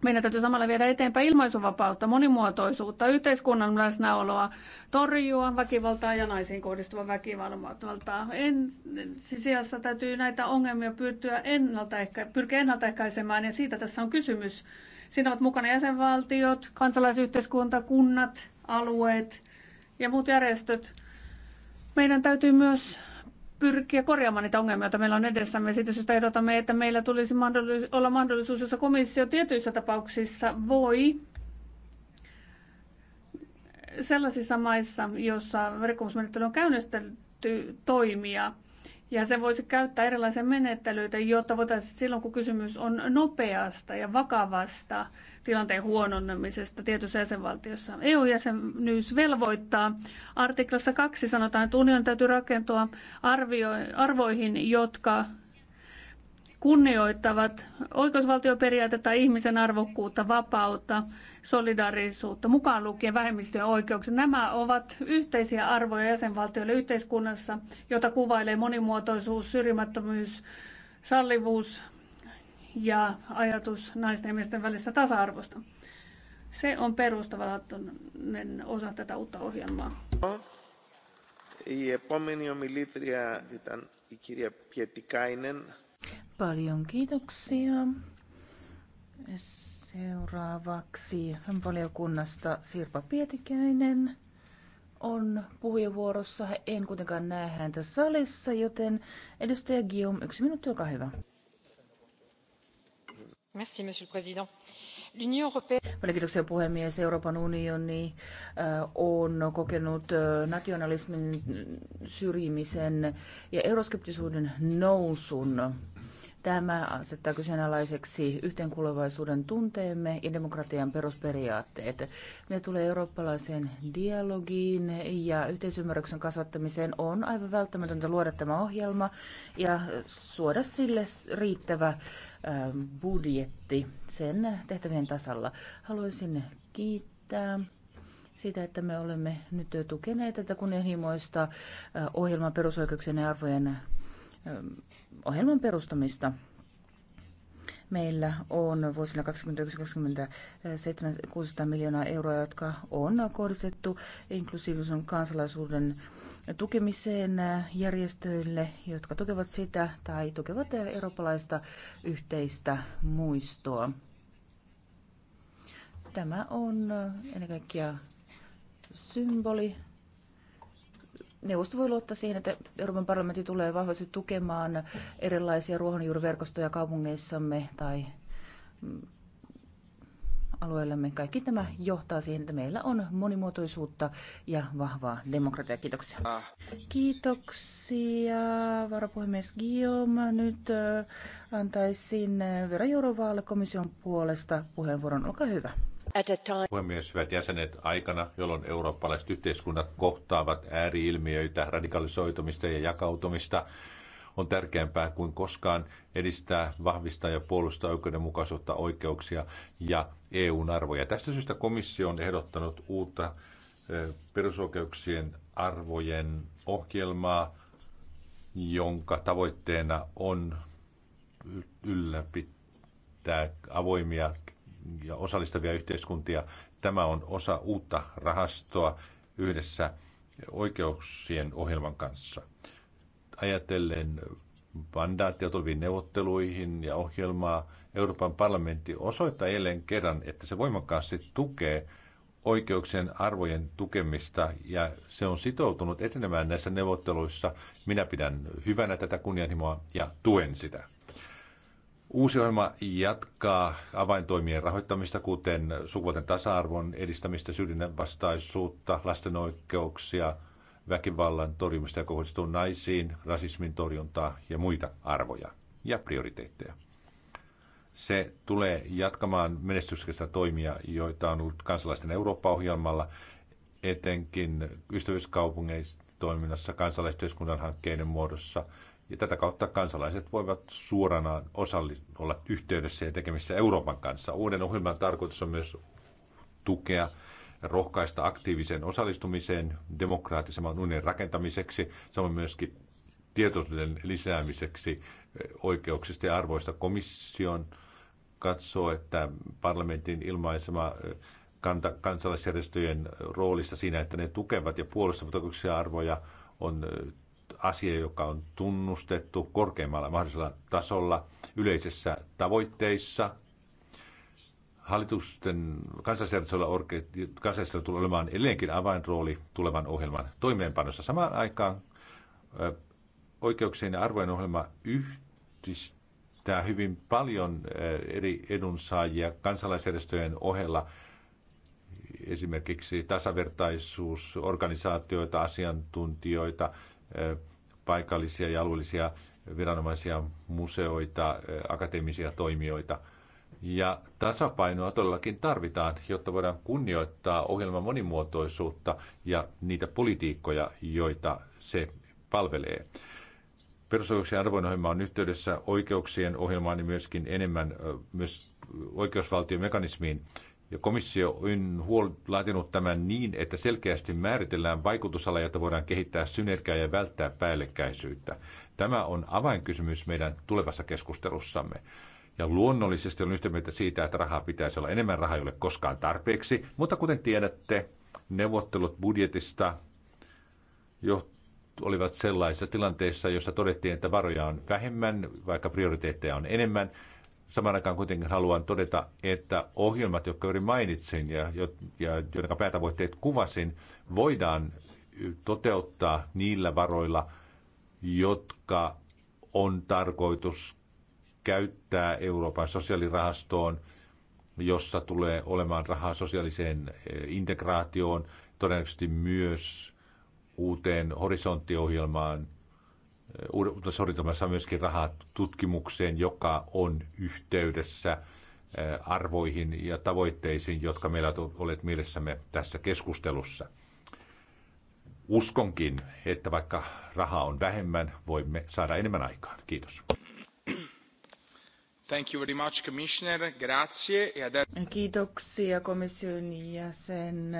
Meidän täytyy samalla viedä eteenpäin ilmaisuvapautta, monimuotoisuutta, yhteiskunnan läsnäoloa, torjua väkivaltaa ja naisiin kohdistuvaa väkivaltaa. Ensisijassa siis täytyy näitä ongelmia pyrkiä, ennaltaehkä, pyrkiä ennaltaehkäisemään ja siitä tässä on kysymys. Siinä ovat mukana jäsenvaltiot, kansalaisyhteiskunta, kunnat, alueet, ja muut järjestöt, meidän täytyy myös pyrkiä korjaamaan niitä ongelmia, joita meillä on edessämme. Siitä syystä ehdotamme, että meillä tulisi mahdollis- olla mahdollisuus, jossa komissio tietyissä tapauksissa voi sellaisissa maissa, joissa rikkomusmenettely on käynnistetty, toimia – ja se voisi käyttää erilaisia menettelyitä, jotta voitaisiin silloin, kun kysymys on nopeasta ja vakavasta tilanteen huononnemisesta tietyssä jäsenvaltiossa. EU-jäsenyys velvoittaa. Artiklassa 2 sanotaan, että union täytyy rakentua arvio, arvoihin, jotka kunnioittavat oikeusvaltioperiaatetta, ihmisen arvokkuutta, vapautta, solidaarisuutta, mukaan lukien vähemmistöjen oikeuksia. Nämä ovat yhteisiä arvoja jäsenvaltioille yhteiskunnassa, jota kuvailee monimuotoisuus, syrjimättömyys, sallivuus ja ajatus naisten ja miesten välisestä tasa-arvosta. Se on perustavanlaatuinen osa tätä uutta ohjelmaa. Η επόμενη ομιλήτρια ήταν η κυρία Πιετικάινεν. Paljon kiitoksia. Seuraavaksi valiokunnasta Sirpa Pietikäinen on puheenvuorossa. En kuitenkaan näe häntä salissa, joten edustaja Guillaume, yksi minuutti, olkaa hyvä. Merci, monsieur le président. Paljon kiitoksia puhemies. Euroopan unioni äh, on kokenut äh, nationalismin syrjimisen ja euroskeptisuuden nousun Tämä asettaa kyseenalaiseksi yhteenkuuluvaisuuden tunteemme ja demokratian perusperiaatteet. Ne tulee eurooppalaiseen dialogiin ja yhteisymmärryksen kasvattamiseen on aivan välttämätöntä luoda tämä ohjelma ja suoda sille riittävä ähm, budjetti sen tehtävien tasalla. Haluaisin kiittää siitä, että me olemme nyt tukeneet tätä kunnianhimoista äh, ohjelman perusoikeuksien ja arvojen ohjelman perustamista. Meillä on vuosina 2021-2027 miljoonaa euroa, jotka on kohdistettu inklusiivisen kansalaisuuden tukemiseen järjestöille, jotka tukevat sitä tai tukevat eurooppalaista yhteistä muistoa. Tämä on ennen kaikkea symboli neuvosto voi luottaa siihen, että Euroopan parlamentti tulee vahvasti tukemaan erilaisia ruohonjuuriverkostoja kaupungeissamme tai mm, alueellamme. Kaikki tämä johtaa siihen, että meillä on monimuotoisuutta ja vahvaa demokratiaa. Kiitoksia. Kiitoksia, varapuhemies Guillaume. Nyt äh, antaisin äh, Vera Jourovaalle komission puolesta puheenvuoron. Olkaa hyvä at a time. Puhemies, hyvät jäsenet, aikana, jolloin eurooppalaiset yhteiskunnat kohtaavat ääriilmiöitä, radikalisoitumista ja jakautumista, on tärkeämpää kuin koskaan edistää, vahvistaa ja puolustaa oikeudenmukaisuutta, oikeuksia ja EUn arvoja. Tästä syystä komissio on ehdottanut uutta perusoikeuksien arvojen ohjelmaa, jonka tavoitteena on ylläpitää avoimia ja osallistavia yhteiskuntia. Tämä on osa uutta rahastoa yhdessä oikeuksien ohjelman kanssa. Ajatellen mandaattia tuleviin neuvotteluihin ja ohjelmaa, Euroopan parlamentti osoittaa jälleen kerran, että se voimakkaasti tukee oikeuksien arvojen tukemista ja se on sitoutunut etenemään näissä neuvotteluissa. Minä pidän hyvänä tätä kunnianhimoa ja tuen sitä. Uusi ohjelma jatkaa avaintoimien rahoittamista, kuten sukupuolten tasa-arvon edistämistä, syrjinnän vastaisuutta, lasten oikeuksia, väkivallan torjumista ja kohdistuu naisiin, rasismin torjuntaa ja muita arvoja ja prioriteetteja. Se tulee jatkamaan menestyksestä toimia, joita on ollut kansalaisten Eurooppa-ohjelmalla, etenkin ystävyyskaupungeissa toiminnassa, kansalaisyhteiskunnan hankkeiden muodossa ja tätä kautta kansalaiset voivat suoranaan osalli- olla yhteydessä ja tekemissä Euroopan kanssa. Uuden ohjelman tarkoitus on myös tukea rohkaista aktiiviseen osallistumiseen demokraattisemman unionin rakentamiseksi, samoin myöskin tietoisuuden lisäämiseksi eh, oikeuksista ja arvoista. Komission katsoo, että parlamentin ilmaisema eh, kanta, kansalaisjärjestöjen roolista siinä, että ne tukevat ja puolustavat oikeuksia arvoja, on eh, asia, joka on tunnustettu korkeimmalla mahdollisella tasolla yleisessä tavoitteissa. Hallitusten kansallisella tulee olemaan edelleenkin avainrooli tulevan ohjelman toimeenpanossa. Samaan aikaan oikeuksien ja arvojen ohjelma yhdistää hyvin paljon eri edunsaajia kansalaisjärjestöjen ohella esimerkiksi tasavertaisuusorganisaatioita, asiantuntijoita, paikallisia ja alueellisia viranomaisia, museoita, akateemisia toimijoita. Ja tasapainoa todellakin tarvitaan, jotta voidaan kunnioittaa ohjelman monimuotoisuutta ja niitä politiikkoja, joita se palvelee. Perusoikeuksien arvoinohjelma on yhteydessä oikeuksien ohjelmaan ja myöskin enemmän myös oikeusvaltiomekanismiin ja komissio on huol- laatinut tämän niin, että selkeästi määritellään vaikutusala, jotta voidaan kehittää synergiaa ja välttää päällekkäisyyttä. Tämä on avainkysymys meidän tulevassa keskustelussamme. Ja luonnollisesti on yhtä mieltä siitä, että rahaa pitäisi olla enemmän, rahaa jolle koskaan tarpeeksi. Mutta kuten tiedätte, neuvottelut budjetista jo olivat sellaisessa tilanteessa, jossa todettiin, että varoja on vähemmän, vaikka prioriteetteja on enemmän. Samaan aikaan kuitenkin haluan todeta, että ohjelmat, jotka juuri mainitsin ja, ja joiden päätavoitteet kuvasin, voidaan toteuttaa niillä varoilla, jotka on tarkoitus käyttää Euroopan sosiaalirahastoon, jossa tulee olemaan rahaa sosiaaliseen e, integraatioon, todennäköisesti myös uuteen horisonttiohjelmaan sorittamassa myöskin rahaa tutkimukseen, joka on yhteydessä eh, arvoihin ja tavoitteisiin, jotka meillä olet mielessämme tässä keskustelussa. Uskonkin, että vaikka rahaa on vähemmän, voimme saada enemmän aikaan. Kiitos. Thank you very much, Commissioner. Grazie. E Kiitoksia komission jäsen.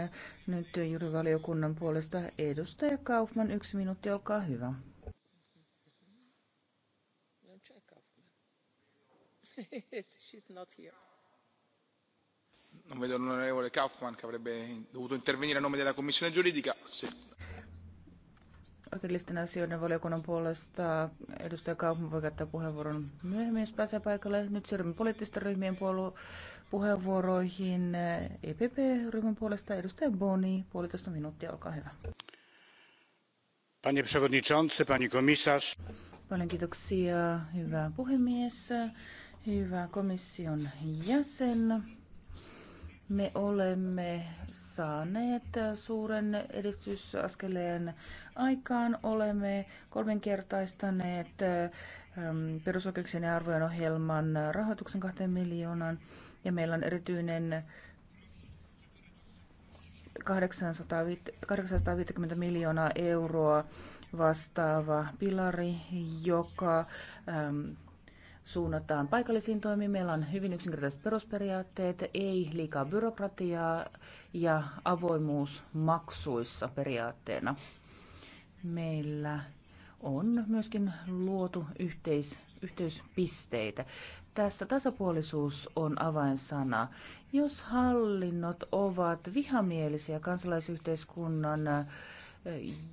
Nyt juuri valiokunnan puolesta edustaja Kaufman. Yksi minuutti, olkaa hyvä. non vedo l'onorevole kaufmann che avrebbe dovuto intervenire a nome della commissione giuridica. Se... oikeudellisten asioiden valiokunnan puolesta edustaja Kaupman voi käyttää puheenvuoron myöhemmin, jos pääsee paikalle. Nyt siirrymme poliittisten ryhmien puolu- puheenvuoroihin. EPP-ryhmän puolesta edustaja Boni, puolitoista minuuttia, olkaa hyvä. Panie przewodniczący, pani komisarz. Paljon kiitoksia, hyvä puhemies. Hyvä komission jäsen. Me olemme saaneet suuren edistysaskeleen aikaan. Olemme kolminkertaistaneet ähm, perusoikeuksien ja arvojen ohjelman rahoituksen kahteen miljoonaan. ja meillä on erityinen 850 miljoonaa euroa vastaava pilari, joka ähm, suunnataan paikallisiin toimiin. Meillä on hyvin yksinkertaiset perusperiaatteet, ei liikaa byrokratiaa ja avoimuus maksuissa periaatteena. Meillä on myöskin luotu yhteis, yhteyspisteitä. Tässä tasapuolisuus on avainsana. Jos hallinnot ovat vihamielisiä kansalaisyhteiskunnan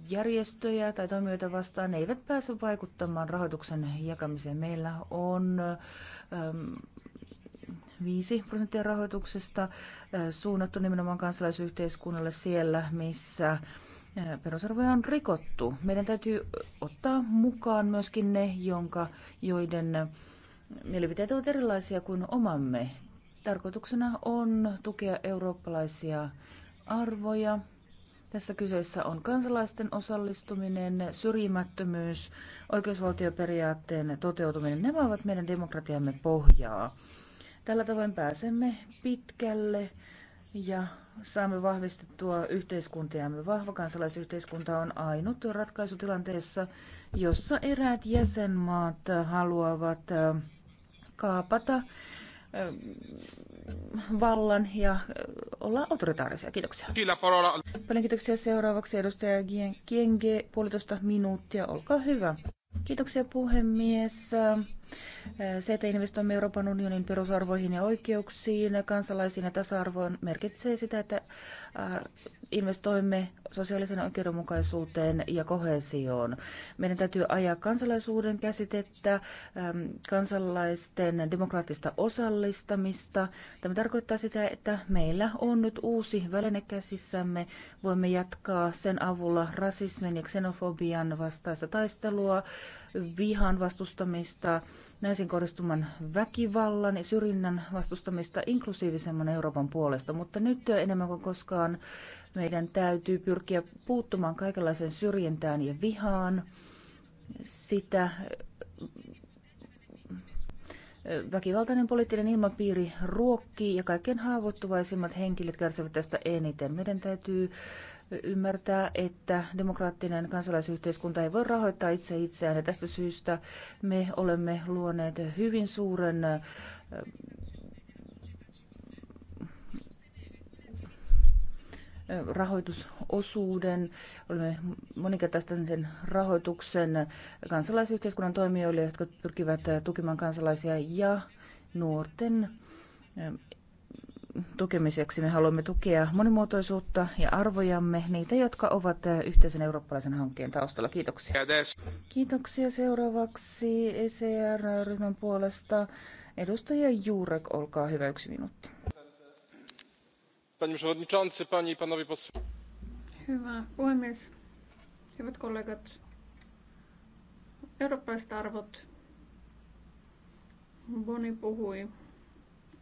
järjestöjä tai toimijoita vastaan, ne eivät pääse vaikuttamaan rahoituksen jakamiseen. Meillä on 5 ähm, prosenttia rahoituksesta äh, suunnattu nimenomaan kansalaisyhteiskunnalle siellä, missä äh, perusarvoja on rikottu. Meidän täytyy ottaa mukaan myöskin ne, jonka, joiden äh, mielipiteet ovat erilaisia kuin omamme. Tarkoituksena on tukea eurooppalaisia arvoja, tässä kyseessä on kansalaisten osallistuminen, syrjimättömyys, oikeusvaltioperiaatteen toteutuminen. Nämä ovat meidän demokratiamme pohjaa. Tällä tavoin pääsemme pitkälle ja saamme vahvistettua yhteiskuntiamme. Vahva kansalaisyhteiskunta on ainut ratkaisutilanteessa, jossa eräät jäsenmaat haluavat kaapata vallan ja olla autoritaarisia. Kiitoksia. Paljon kiitoksia seuraavaksi edustaja Kienge, puolitoista minuuttia. Olkaa hyvä. Kiitoksia puhemies. Se, että investoimme Euroopan unionin perusarvoihin ja oikeuksiin, kansalaisiin ja tasa-arvoon, merkitsee sitä, että äh, investoimme sosiaalisen oikeudenmukaisuuteen ja kohesioon. Meidän täytyy ajaa kansalaisuuden käsitettä, ähm, kansalaisten demokraattista osallistamista. Tämä tarkoittaa sitä, että meillä on nyt uusi väline käsissämme. Voimme jatkaa sen avulla rasismin ja xenofobian vastaista taistelua, vihan vastustamista, naisiin kohdistuman väkivallan ja syrjinnän vastustamista inklusiivisemman Euroopan puolesta. Mutta nyt enemmän kuin koskaan meidän täytyy pyrkiä puuttumaan kaikenlaiseen syrjintään ja vihaan. Sitä Väkivaltainen poliittinen ilmapiiri ruokkii ja kaikkein haavoittuvaisimmat henkilöt kärsivät tästä eniten. Meidän täytyy ymmärtää, että demokraattinen kansalaisyhteiskunta ei voi rahoittaa itse itseään. Ja tästä syystä me olemme luoneet hyvin suuren rahoitusosuuden, olemme moninkertaistaneet sen rahoituksen kansalaisyhteiskunnan toimijoille, jotka pyrkivät tukemaan kansalaisia ja nuorten tukemiseksi me haluamme tukea monimuotoisuutta ja arvojamme, niitä, jotka ovat yhteisen eurooppalaisen hankkeen taustalla. Kiitoksia. Kiitoksia seuraavaksi ECR-ryhmän puolesta. Edustaja Jurek, olkaa hyvä, yksi minuutti. Hyvä puhemies, hyvät kollegat. Eurooppalaiset arvot. Boni puhui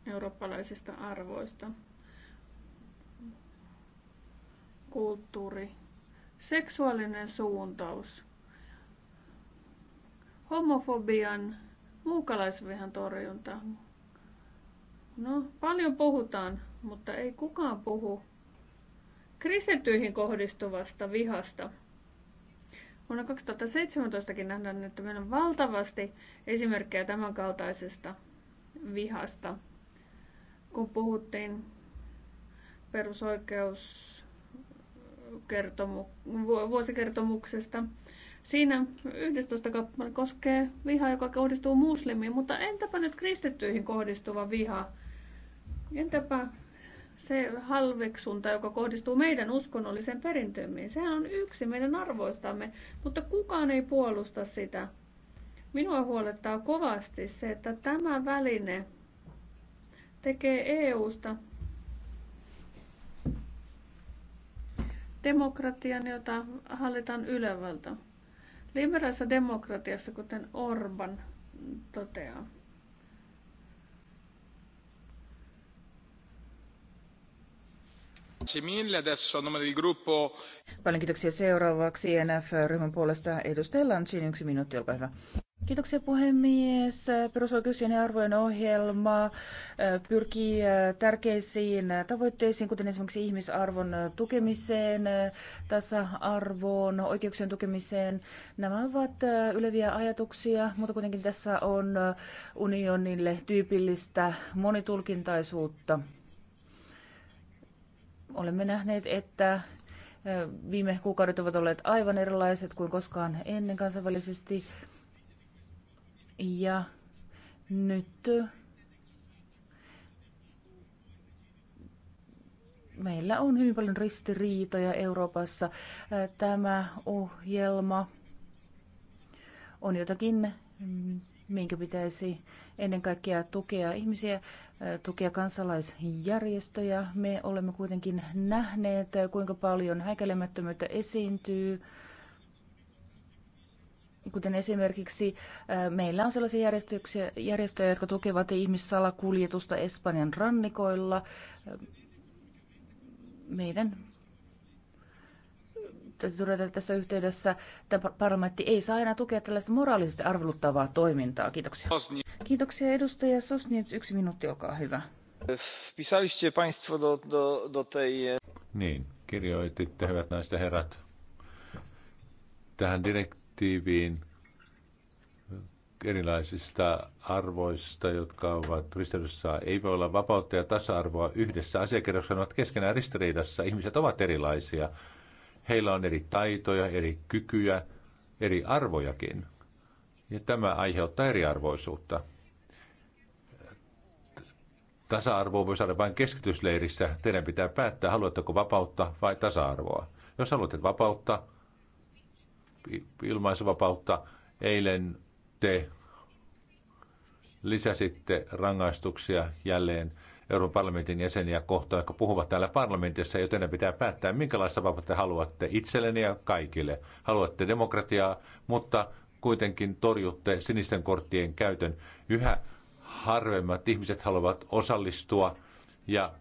eurooppalaisista arvoista. Kulttuuri, seksuaalinen suuntaus, homofobian, muukalaisvihan torjunta. No, paljon puhutaan, mutta ei kukaan puhu kristettyihin kohdistuvasta vihasta. Vuonna 2017kin nähdään, että meillä on valtavasti esimerkkejä tämänkaltaisesta vihasta kun puhuttiin perusoikeus vuosikertomuksesta. Siinä 11 kappale koskee vihaa, joka kohdistuu muslimiin, mutta entäpä nyt kristittyihin kohdistuva viha? Entäpä se halveksunta, joka kohdistuu meidän uskonnolliseen perintöömme? Sehän on yksi meidän arvoistamme, mutta kukaan ei puolusta sitä. Minua huolettaa kovasti se, että tämä väline, tekee EUsta demokratian, jota hallitaan ylevältä. Liberaalissa demokratiassa, kuten Orban toteaa, Paljon kiitoksia seuraavaksi NF-ryhmän puolesta edustaja Lancin yksi minuutti, olkaa hyvä. Kiitoksia puhemies. Perusoikeuksien ja arvojen ohjelma eh, pyrkii eh, tärkeisiin eh, tavoitteisiin, kuten esimerkiksi ihmisarvon tukemiseen, tasa-arvoon, oikeuksien tukemiseen. Nämä ovat yleviä ajatuksia, mutta kuitenkin tässä on unionille tyypillistä monitulkintaisuutta. Olemme nähneet, että viime kuukaudet ovat olleet aivan erilaiset kuin koskaan ennen kansainvälisesti ja nyt meillä on hyvin paljon ristiriitoja Euroopassa. Tämä ohjelma on jotakin, minkä pitäisi ennen kaikkea tukea ihmisiä, tukea kansalaisjärjestöjä. Me olemme kuitenkin nähneet, kuinka paljon häikelemättömyyttä esiintyy kuten esimerkiksi meillä on sellaisia järjestöjä, jotka tukevat ihmissalakuljetusta Espanjan rannikoilla. Meidän todeta tässä yhteydessä, että parlamentti ei saa aina tukea tällaista moraalisesti arveluttavaa toimintaa. Kiitoksia. Kiitoksia edustaja Sosnitz. Yksi minuutti, olkaa hyvä. Pisaliste państwo do, do, do tej... E- niin, kirjoititte, hyvät naiset ja herrat, tähän direkt direktiiviin erilaisista arvoista, jotka ovat ristiriidassa. Ei voi olla vapautta ja tasa-arvoa yhdessä. Asiakirjassa ovat keskenään ristiriidassa. Ihmiset ovat erilaisia. Heillä on eri taitoja, eri kykyjä, eri arvojakin. Ja tämä aiheuttaa eriarvoisuutta. Tasa-arvoa voi saada vain keskitysleirissä. Teidän pitää päättää, haluatteko vapautta vai tasa-arvoa. Jos haluatte vapautta, ilmaisuvapautta. Eilen te lisäsitte rangaistuksia jälleen Euroopan parlamentin jäseniä kohtaan, jotka puhuvat täällä parlamentissa, joten ne pitää päättää, minkälaista vapautta haluatte itselleni ja kaikille. Haluatte demokratiaa, mutta kuitenkin torjutte sinisten korttien käytön. Yhä harvemmat ihmiset haluavat osallistua ja,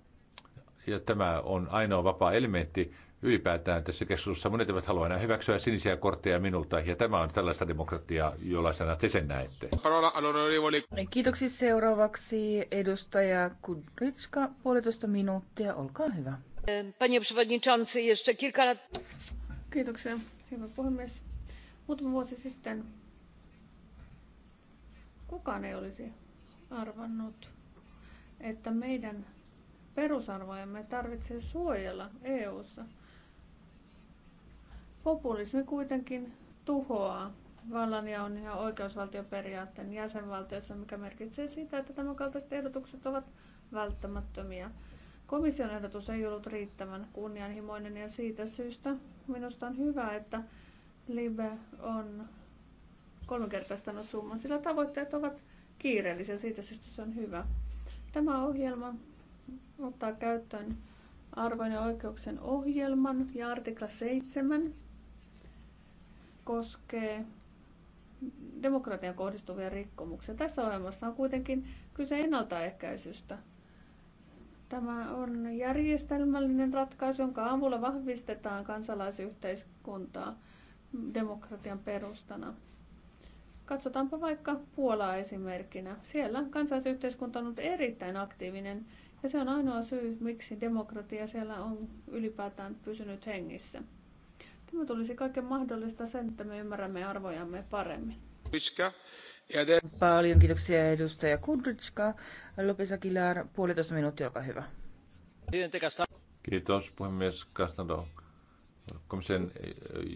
ja tämä on ainoa vapaa elementti, ylipäätään tässä keskustelussa monet eivät halua enää hyväksyä sinisiä kortteja minulta, ja tämä on tällaista demokratiaa, jollaisena te sen näette. Niin, Kiitoksia seuraavaksi edustaja Kudrytska, puolitoista minuuttia, olkaa hyvä. jeszcze kilka Kiitoksia, hyvä puhemies. Muutama vuosi sitten kukaan ei olisi arvannut, että meidän perusarvojamme tarvitsee suojella EU:ssa. Populismi kuitenkin tuhoaa vallanjaon ja oikeusvaltioperiaatteen jäsenvaltioissa, mikä merkitsee sitä, että tämän kaltaiset ehdotukset ovat välttämättömiä. Komission ehdotus ei ollut riittävän kunnianhimoinen ja siitä syystä minusta on hyvä, että Libe on kolminkertaistanut summan, sillä tavoitteet ovat kiireellisiä, siitä syystä se on hyvä. Tämä ohjelma ottaa käyttöön arvojen ja oikeuksien ohjelman ja artikla 7 koskee demokratian kohdistuvia rikkomuksia. Tässä ohjelmassa on kuitenkin kyse ennaltaehkäisystä. Tämä on järjestelmällinen ratkaisu, jonka avulla vahvistetaan kansalaisyhteiskuntaa demokratian perustana. Katsotaanpa vaikka Puolaa esimerkkinä. Siellä kansalaisyhteiskunta on ollut erittäin aktiivinen ja se on ainoa syy, miksi demokratia siellä on ylipäätään pysynyt hengissä. Tämä tulisi kaiken mahdollista sen, että me ymmärrämme arvojamme paremmin. Paljon kiitoksia edustaja Kudrytska. Lopes Aguilar, puolitoista minuuttia, olkaa hyvä. Kiitos puhemies Kastado. Komission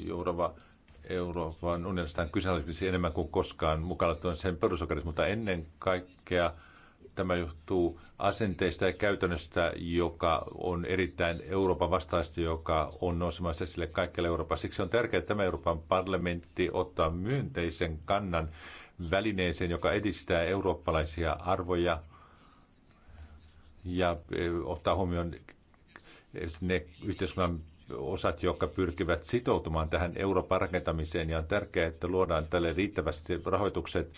joudava Euroopan unionista on enemmän kuin koskaan tuon sen perusokarissa, mutta ennen kaikkea – Tämä johtuu asenteista ja käytännöstä, joka on erittäin Euroopan vastaista, joka on nousemassa esille kaikkialla Euroopassa. Siksi on tärkeää, että tämä Euroopan parlamentti ottaa myönteisen kannan välineeseen, joka edistää eurooppalaisia arvoja ja e, ottaa huomioon ne yhteiskunnan osat, jotka pyrkivät sitoutumaan tähän Euroopan rakentamiseen. Ja on tärkeää, että luodaan tälle riittävästi rahoitukset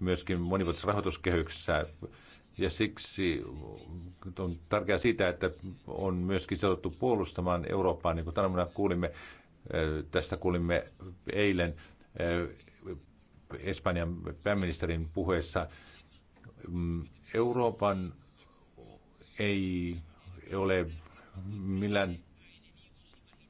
myöskin monivuotisessa rahoituskehyksessä. Ja siksi on tärkeää siitä, että on myöskin sitouduttu puolustamaan Eurooppaa, niin kuin tänä kuulimme, tästä kuulimme eilen Espanjan pääministerin puheessa. Mm, Euroopan ei ole millään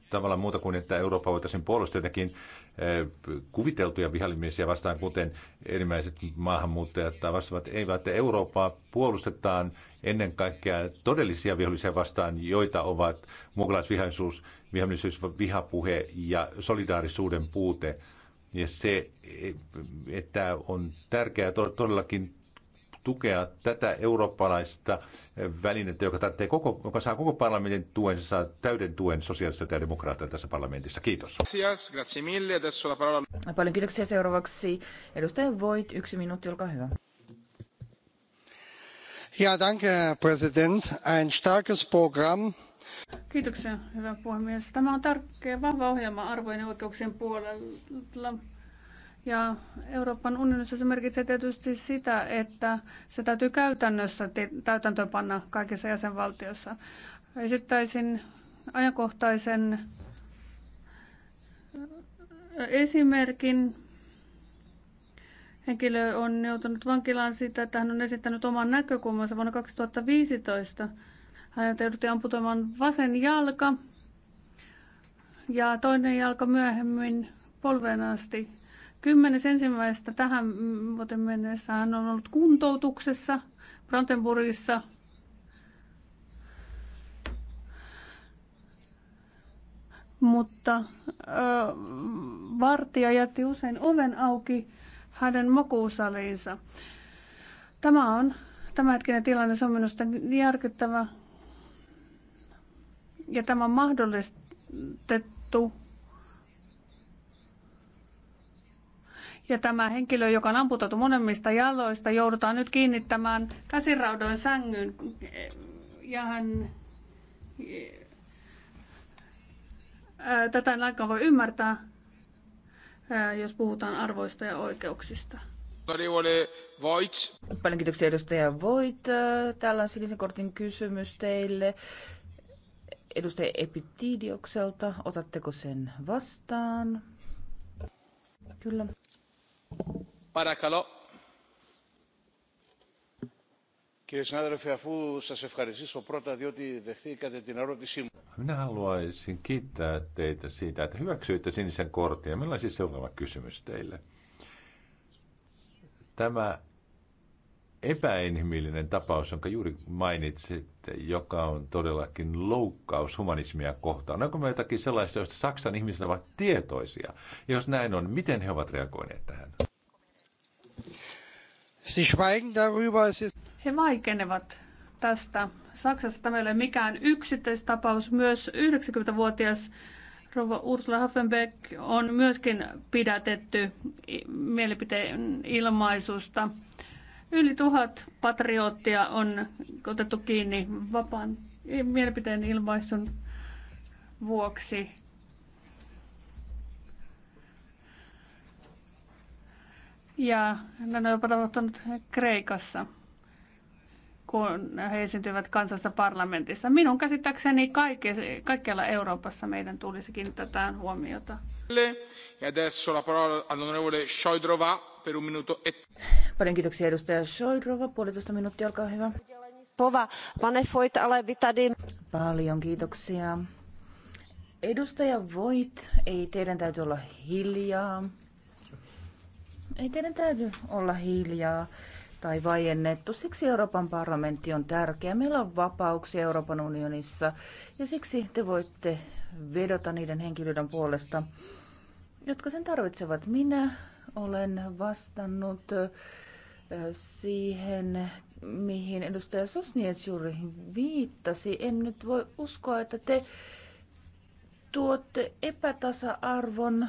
tavalla muuta kuin, että Eurooppa voitaisiin puolustaa jotenkin Eh, kuviteltuja vihallimiesiä vastaan, kuten erimäiset maahanmuuttajat tai vastaavat, ei vaan, että Eurooppaa puolustetaan ennen kaikkea todellisia vihollisia vastaan, joita ovat mukalaisvihaisuus, vihamillisyys, vihapuhe ja solidaarisuuden puute. Ja se, että on tärkeää todellakin tukea tätä eurooppalaista välinettä, joka, koko, joka saa koko parlamentin tuen, se saa täyden tuen sosiaalista ja demokraateilta tässä parlamentissa. Kiitos. Paljon kiitoksia seuraavaksi. Edustaja Voit, yksi minuutti, olkaa hyvä. Ja, danke, president. Ein starkes program. Kiitoksia, hyvä puhemies. Tämä on tärkeä vahva ohjelma arvojen oikeuksien puolella. Ja Euroopan unionissa se merkitsee tietysti sitä, että se täytyy käytännössä täytäntöönpanna kaikissa jäsenvaltioissa. Esittäisin ajankohtaisen esimerkin. Henkilö on joutunut vankilaan siitä, että hän on esittänyt oman näkökulmansa vuonna 2015. Häneltä jouduttiin amputoimaan vasen jalka ja toinen jalka myöhemmin polveen asti Kymmenes ensimmäistä tähän vuoteen mennessä hän on ollut kuntoutuksessa Brandenburgissa. Mutta ö, vartija jätti usein oven auki hänen mokuusaliinsa. Tämä on tämänhetkinen tilanne, se on minusta järkyttävä. Ja tämä on mahdollistettu Ja tämä henkilö, joka on amputoitu monemmista jaloista, joudutaan nyt kiinnittämään käsiraudoin sängyn. Ja hän... Tätä en lainkaan voi ymmärtää, jos puhutaan arvoista ja oikeuksista. Paljon kiitoksia edustaja Voit. Täällä on sinisen kortin kysymys teille. Edustaja Epitidiokselta, otatteko sen vastaan? Kyllä. Minä haluaisin kiittää teitä siitä, että hyväksyitte sinisen kortin. Ja Meillä on siis seuraava kysymys teille. Tämä epäinhimillinen tapaus, jonka juuri mainitsit, joka on todellakin loukkaus humanismia kohtaan. Onko me jotakin sellaisia, joista Saksan ihmiset ovat tietoisia? jos näin on, miten he ovat reagoineet tähän? He vaikenevat tästä. Saksassa tämä ei ole mikään yksittäistapaus. Myös 90-vuotias Rova Ursula Hoffenbeck on myöskin pidätetty mielipiteen ilmaisusta. Yli tuhat patriottia on otettu kiinni vapaan mielipiteen ilmaisun vuoksi. Ja näin on jopa tapahtunut Kreikassa, kun he esiintyivät kansassa parlamentissa. Minun käsittääkseni kaikke, kaikkialla Euroopassa meidän tulisi kiinnittää tähän huomiota. Ja adesso la parola all'onorevole E Paljon kiitoksia edustaja Shoidrova. Puolitoista minuuttia, olkaa Pova, pane Foit, ale vitadin. Paljon kiitoksia. Edustaja Voit, ei teidän täytyy olla hiljaa. Ei teidän täytyy olla hiljaa tai vaiennettu. Siksi Euroopan parlamentti on tärkeä. Meillä on vapauksia Euroopan unionissa ja siksi te voitte vedota niiden henkilöiden puolesta, jotka sen tarvitsevat. Minä olen vastannut siihen, mihin edustaja Sosniets juuri viittasi. En nyt voi uskoa, että te tuotte epätasa-arvon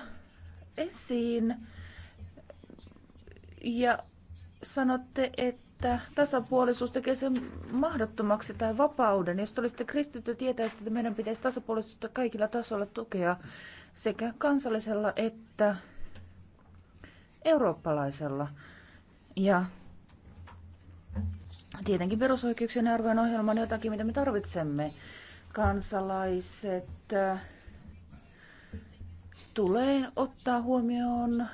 esiin ja sanotte, että tasapuolisuus tekee sen mahdottomaksi tai vapauden. Jos olisitte kristitty, tietäisitte, että meidän pitäisi tasapuolisuutta kaikilla tasolla tukea sekä kansallisella että eurooppalaisella. Ja tietenkin perusoikeuksien arvojen ohjelma on jotakin, mitä me tarvitsemme. Kansalaiset äh, tulee ottaa huomioon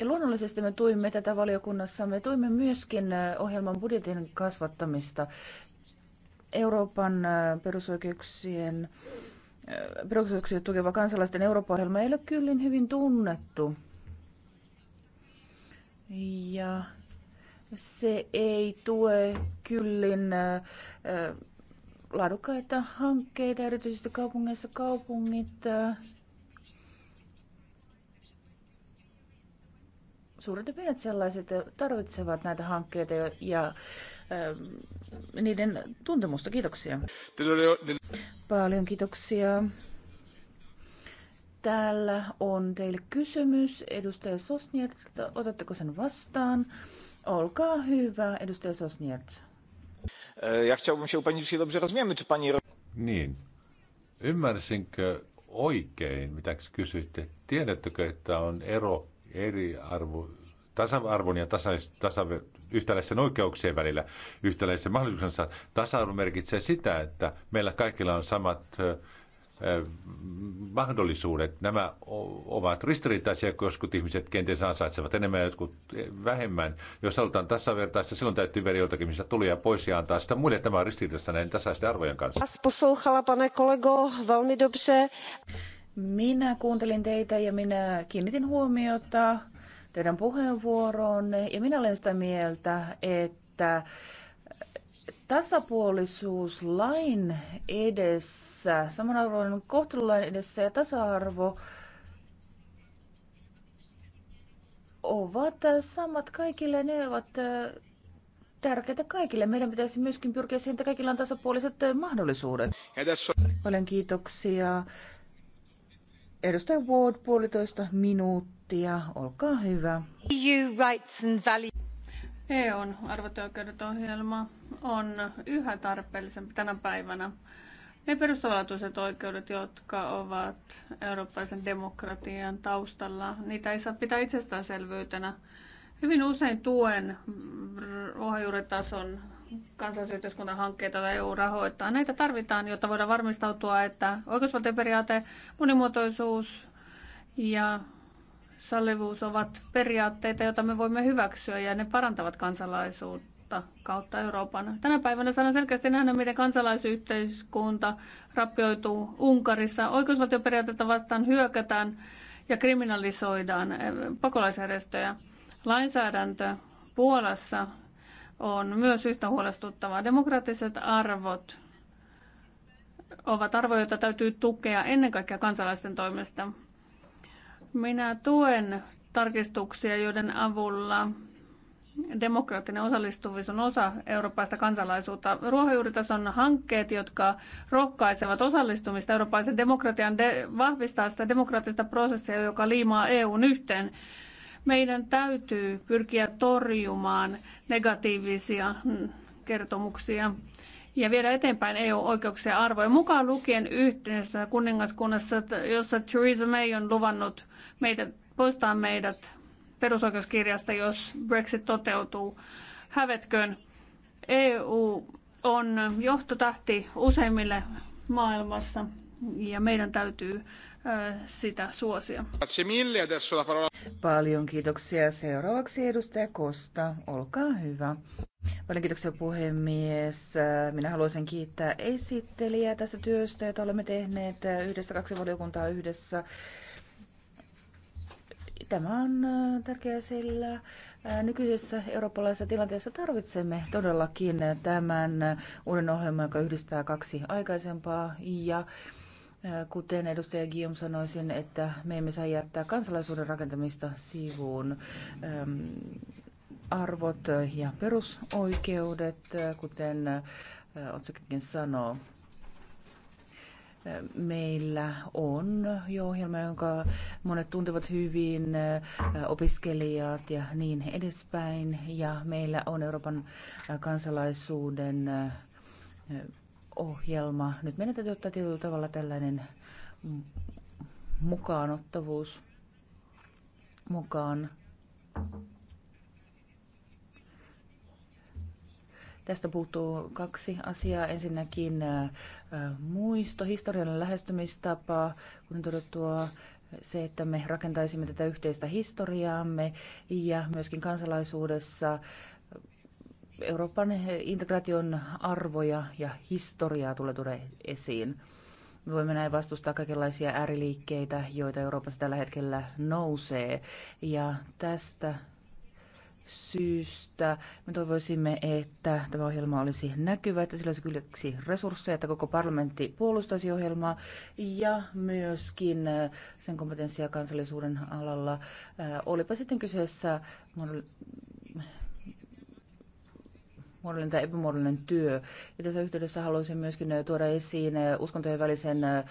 ja luonnollisesti me tuimme tätä valiokunnassa. Me tuimme myöskin äh, ohjelman budjetin kasvattamista. Euroopan äh, perusoikeuksien perusoikeuksia tukeva kansalaisten Eurooppa-ohjelma ei ole kyllin hyvin tunnettu. Ja se ei tue kyllin äh, laadukkaita hankkeita, erityisesti kaupungeissa kaupungit. Äh, suuret ja pienet sellaiset äh, tarvitsevat näitä hankkeita ja Öö, niiden tuntemusta. Kiitoksia. Paljon kiitoksia. Täällä on teille kysymys. Edustaja Sosnierts, otatteko sen vastaan? Olkaa hyvä, edustaja Sosnierts. Ja chciałbym się upewnić, czy dobrze rozumiemy, czy pani... Niin. Ymmärsinkö oikein, mitä kysyitte? Tiedättekö, että on ero eri arvo, tasa-arvon ja tasa, tasa, yhtäläisen oikeuksien välillä, yhtäläisen mahdollisuutensa. Tasa-arvo merkitsee sitä, että meillä kaikilla on samat mahdollisuudet. Nämä ovat ristiriitaisia, kun jotkut ihmiset kenties ansaitsevat enemmän ja jotkut vähemmän. Jos halutaan tasavertaista, silloin täytyy veri joltakin, mistä ja pois ja antaa sitä muille. Tämä on ristiriitaista näiden tasaisten arvojen kanssa. Poslouchala, pane kollego, valmi dobře. Minä kuuntelin teitä ja minä kiinnitin huomiota teidän puheenvuoroonne. Ja minä olen sitä mieltä, että tasapuolisuus lain edessä, samanarvoinen kohtelulain edessä ja tasa-arvo ovat samat kaikille. Ne ovat tärkeitä kaikille. Meidän pitäisi myöskin pyrkiä siihen, että kaikilla on tasapuoliset mahdollisuudet. Paljon kiitoksia. Edustaja Ward, puolitoista minuuttia. Olkaa hyvä. EU rights and value. EUn arvot ohjelma on yhä tarpeellisempi tänä päivänä. Ne perustavanlaatuiset oikeudet, jotka ovat eurooppalaisen demokratian taustalla, niitä ei saa pitää itsestäänselvyytenä. Hyvin usein tuen ohjuuritason hankkeita tai EU rahoittaa. Näitä tarvitaan, jotta voidaan varmistautua, että oikeusvaltioperiaate, monimuotoisuus ja sallivuus ovat periaatteita, joita me voimme hyväksyä ja ne parantavat kansalaisuutta kautta Euroopan. Tänä päivänä saadaan selkeästi nähdä, miten kansalaisyhteiskunta rappioituu Unkarissa. Oikeusvaltioperiaatetta vastaan hyökätään ja kriminalisoidaan eh, pakolaisjärjestöjä. Lainsäädäntö Puolassa on myös yhtä huolestuttavaa. Demokraattiset arvot ovat arvoja, joita täytyy tukea ennen kaikkea kansalaisten toimesta. Minä tuen tarkistuksia, joiden avulla demokraattinen osallistuvuus on osa eurooppaista kansalaisuutta. Ruohonjuuritason hankkeet, jotka rohkaisevat osallistumista eurooppaisen demokratian, de- vahvistaa sitä demokraattista prosessia, joka liimaa EUn yhteen. Meidän täytyy pyrkiä torjumaan negatiivisia kertomuksia ja viedä eteenpäin EU-oikeuksia arvoja, mukaan lukien yhteydessä kuningaskunnassa, jossa Theresa May on luvannut meidät, poistaa meidät perusoikeuskirjasta, jos Brexit toteutuu. Hävetköön EU on johtotähti useimmille maailmassa ja meidän täytyy sitä suosia. Paljon kiitoksia. Seuraavaksi edustaja Kosta, olkaa hyvä. Paljon kiitoksia puhemies. Minä haluaisin kiittää esittelijää tästä työstä, jota olemme tehneet yhdessä, kaksi valiokuntaa yhdessä. Tämä on tärkeää, sillä nykyisessä eurooppalaisessa tilanteessa tarvitsemme todellakin tämän uuden ohjelman, joka yhdistää kaksi aikaisempaa ja Kuten edustaja Guillaume sanoisin, että me emme saa jättää kansalaisuuden rakentamista sivuun. Arvot ja perusoikeudet, kuten otsikkokin sanoo, meillä on jo ohjelma, jonka monet tuntevat hyvin, opiskelijat ja niin edespäin. Ja meillä on Euroopan kansalaisuuden ohjelma. Nyt meidän täytyy ottaa tietyllä tavalla tällainen mukaanottavuus mukaan. Tästä puuttuu kaksi asiaa. Ensinnäkin äh, äh, muisto, historiallinen lähestymistapa, kuten todettua, se, että me rakentaisimme tätä yhteistä historiaamme ja myöskin kansalaisuudessa Euroopan integraation arvoja ja historiaa tulee tuoda esiin. Me voimme näin vastustaa kaikenlaisia ääriliikkeitä, joita Euroopassa tällä hetkellä nousee. Ja tästä syystä me toivoisimme, että tämä ohjelma olisi näkyvä, että sillä olisi kylläksi resursseja, että koko parlamentti puolustaisi ohjelmaa ja myöskin äh, sen kompetenssia kansallisuuden alalla. Äh, olipa sitten kyseessä muodollinen tai epämuodollinen työ. Ja tässä yhteydessä haluaisin myöskin äh, tuoda esiin äh, uskontojen välisen, äh,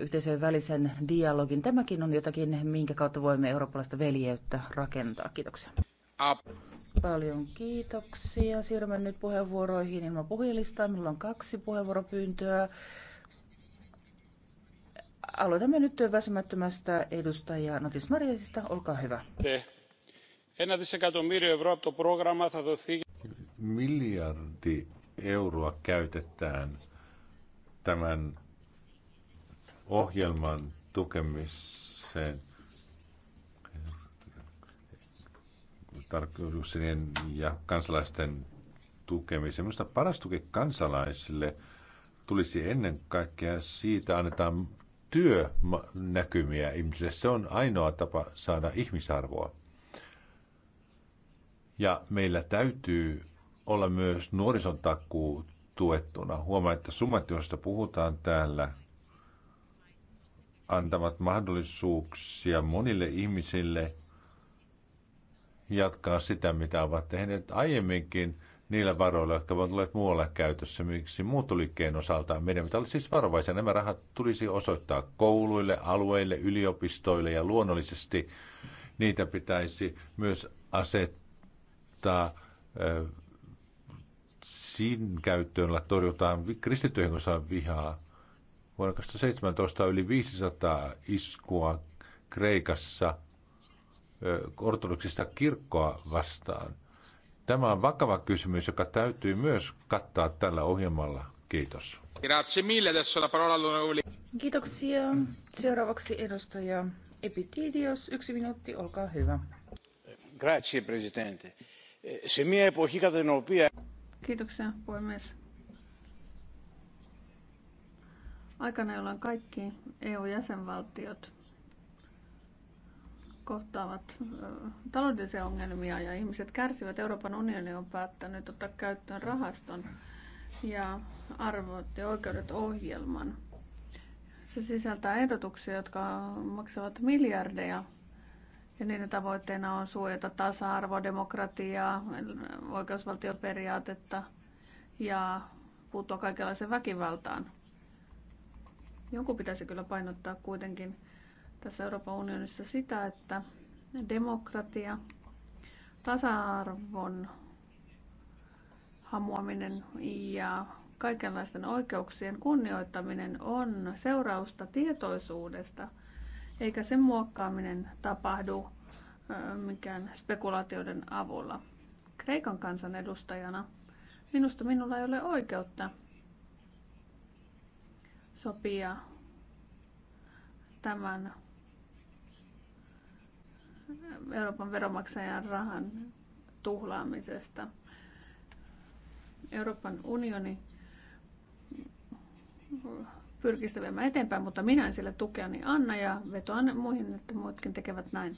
yhteisöjen välisen dialogin. Tämäkin on jotakin, minkä kautta voimme eurooppalaista veljeyttä rakentaa. Kiitoksia. Up. Paljon kiitoksia. Siirrymme nyt puheenvuoroihin ilman puhujalistaa. Minulla on kaksi puheenvuoropyyntöä. Aloitamme nyt väsymättömästä edustajaa Notis Mariasista. Olkaa hyvä. Ένα δισεκατομμύριο ευρώ από το πρόγραμμα θα δοθεί miljardi euroa käytetään tämän ohjelman tukemiseen tarkoituksien ja kansalaisten tukemiseen. Minusta paras tuki kansalaisille tulisi ennen kaikkea siitä, annetaan työnäkymiä ihmisille. Se on ainoa tapa saada ihmisarvoa. Ja meillä täytyy olla myös nuorison takuu tuettuna. Huomaa, että summat, joista puhutaan täällä, antavat mahdollisuuksia monille ihmisille jatkaa sitä, mitä ovat tehneet aiemminkin niillä varoilla, jotka ovat olleet muualla käytössä, miksi muuttoliikkeen osalta. Meidän pitää olla siis varovaisia. Nämä rahat tulisi osoittaa kouluille, alueille, yliopistoille ja luonnollisesti niitä pitäisi myös asettaa siinä käyttöönolla torjutaan kristittyjen kanssa vihaa. Vuonna 2017 yli 500 iskua Kreikassa ortodoksista kirkkoa vastaan. Tämä on vakava kysymys, joka täytyy myös kattaa tällä ohjelmalla. Kiitos. Grazie mille. parola Kiitoksia. Seuraavaksi edustaja Epitidios. Yksi minuutti, olkaa hyvä. Grazie, presidente. Eh, se mie epochi Kiitoksia, puhemies. Aikana, jolloin kaikki EU-jäsenvaltiot kohtaavat taloudellisia ongelmia ja ihmiset kärsivät, Euroopan unioni on päättänyt ottaa käyttöön rahaston ja arvot ja oikeudet ohjelman. Se sisältää ehdotuksia, jotka maksavat miljardeja ja niiden tavoitteena on suojata tasa arvo demokratiaa, oikeusvaltioperiaatetta ja puuttua kaikenlaiseen väkivaltaan. Jonkun pitäisi kyllä painottaa kuitenkin tässä Euroopan unionissa sitä, että demokratia, tasa-arvon hamuaminen ja kaikenlaisten oikeuksien kunnioittaminen on seurausta tietoisuudesta – eikä sen muokkaaminen tapahdu mikään spekulaatioiden avulla. Kreikan kansan edustajana. minusta minulla ei ole oikeutta sopia tämän Euroopan veromaksajan rahan tuhlaamisesta. Euroopan unioni pyrkistä viemään eteenpäin, mutta minä en sille tukea, niin anna ja vetoan muihin, että muutkin tekevät näin.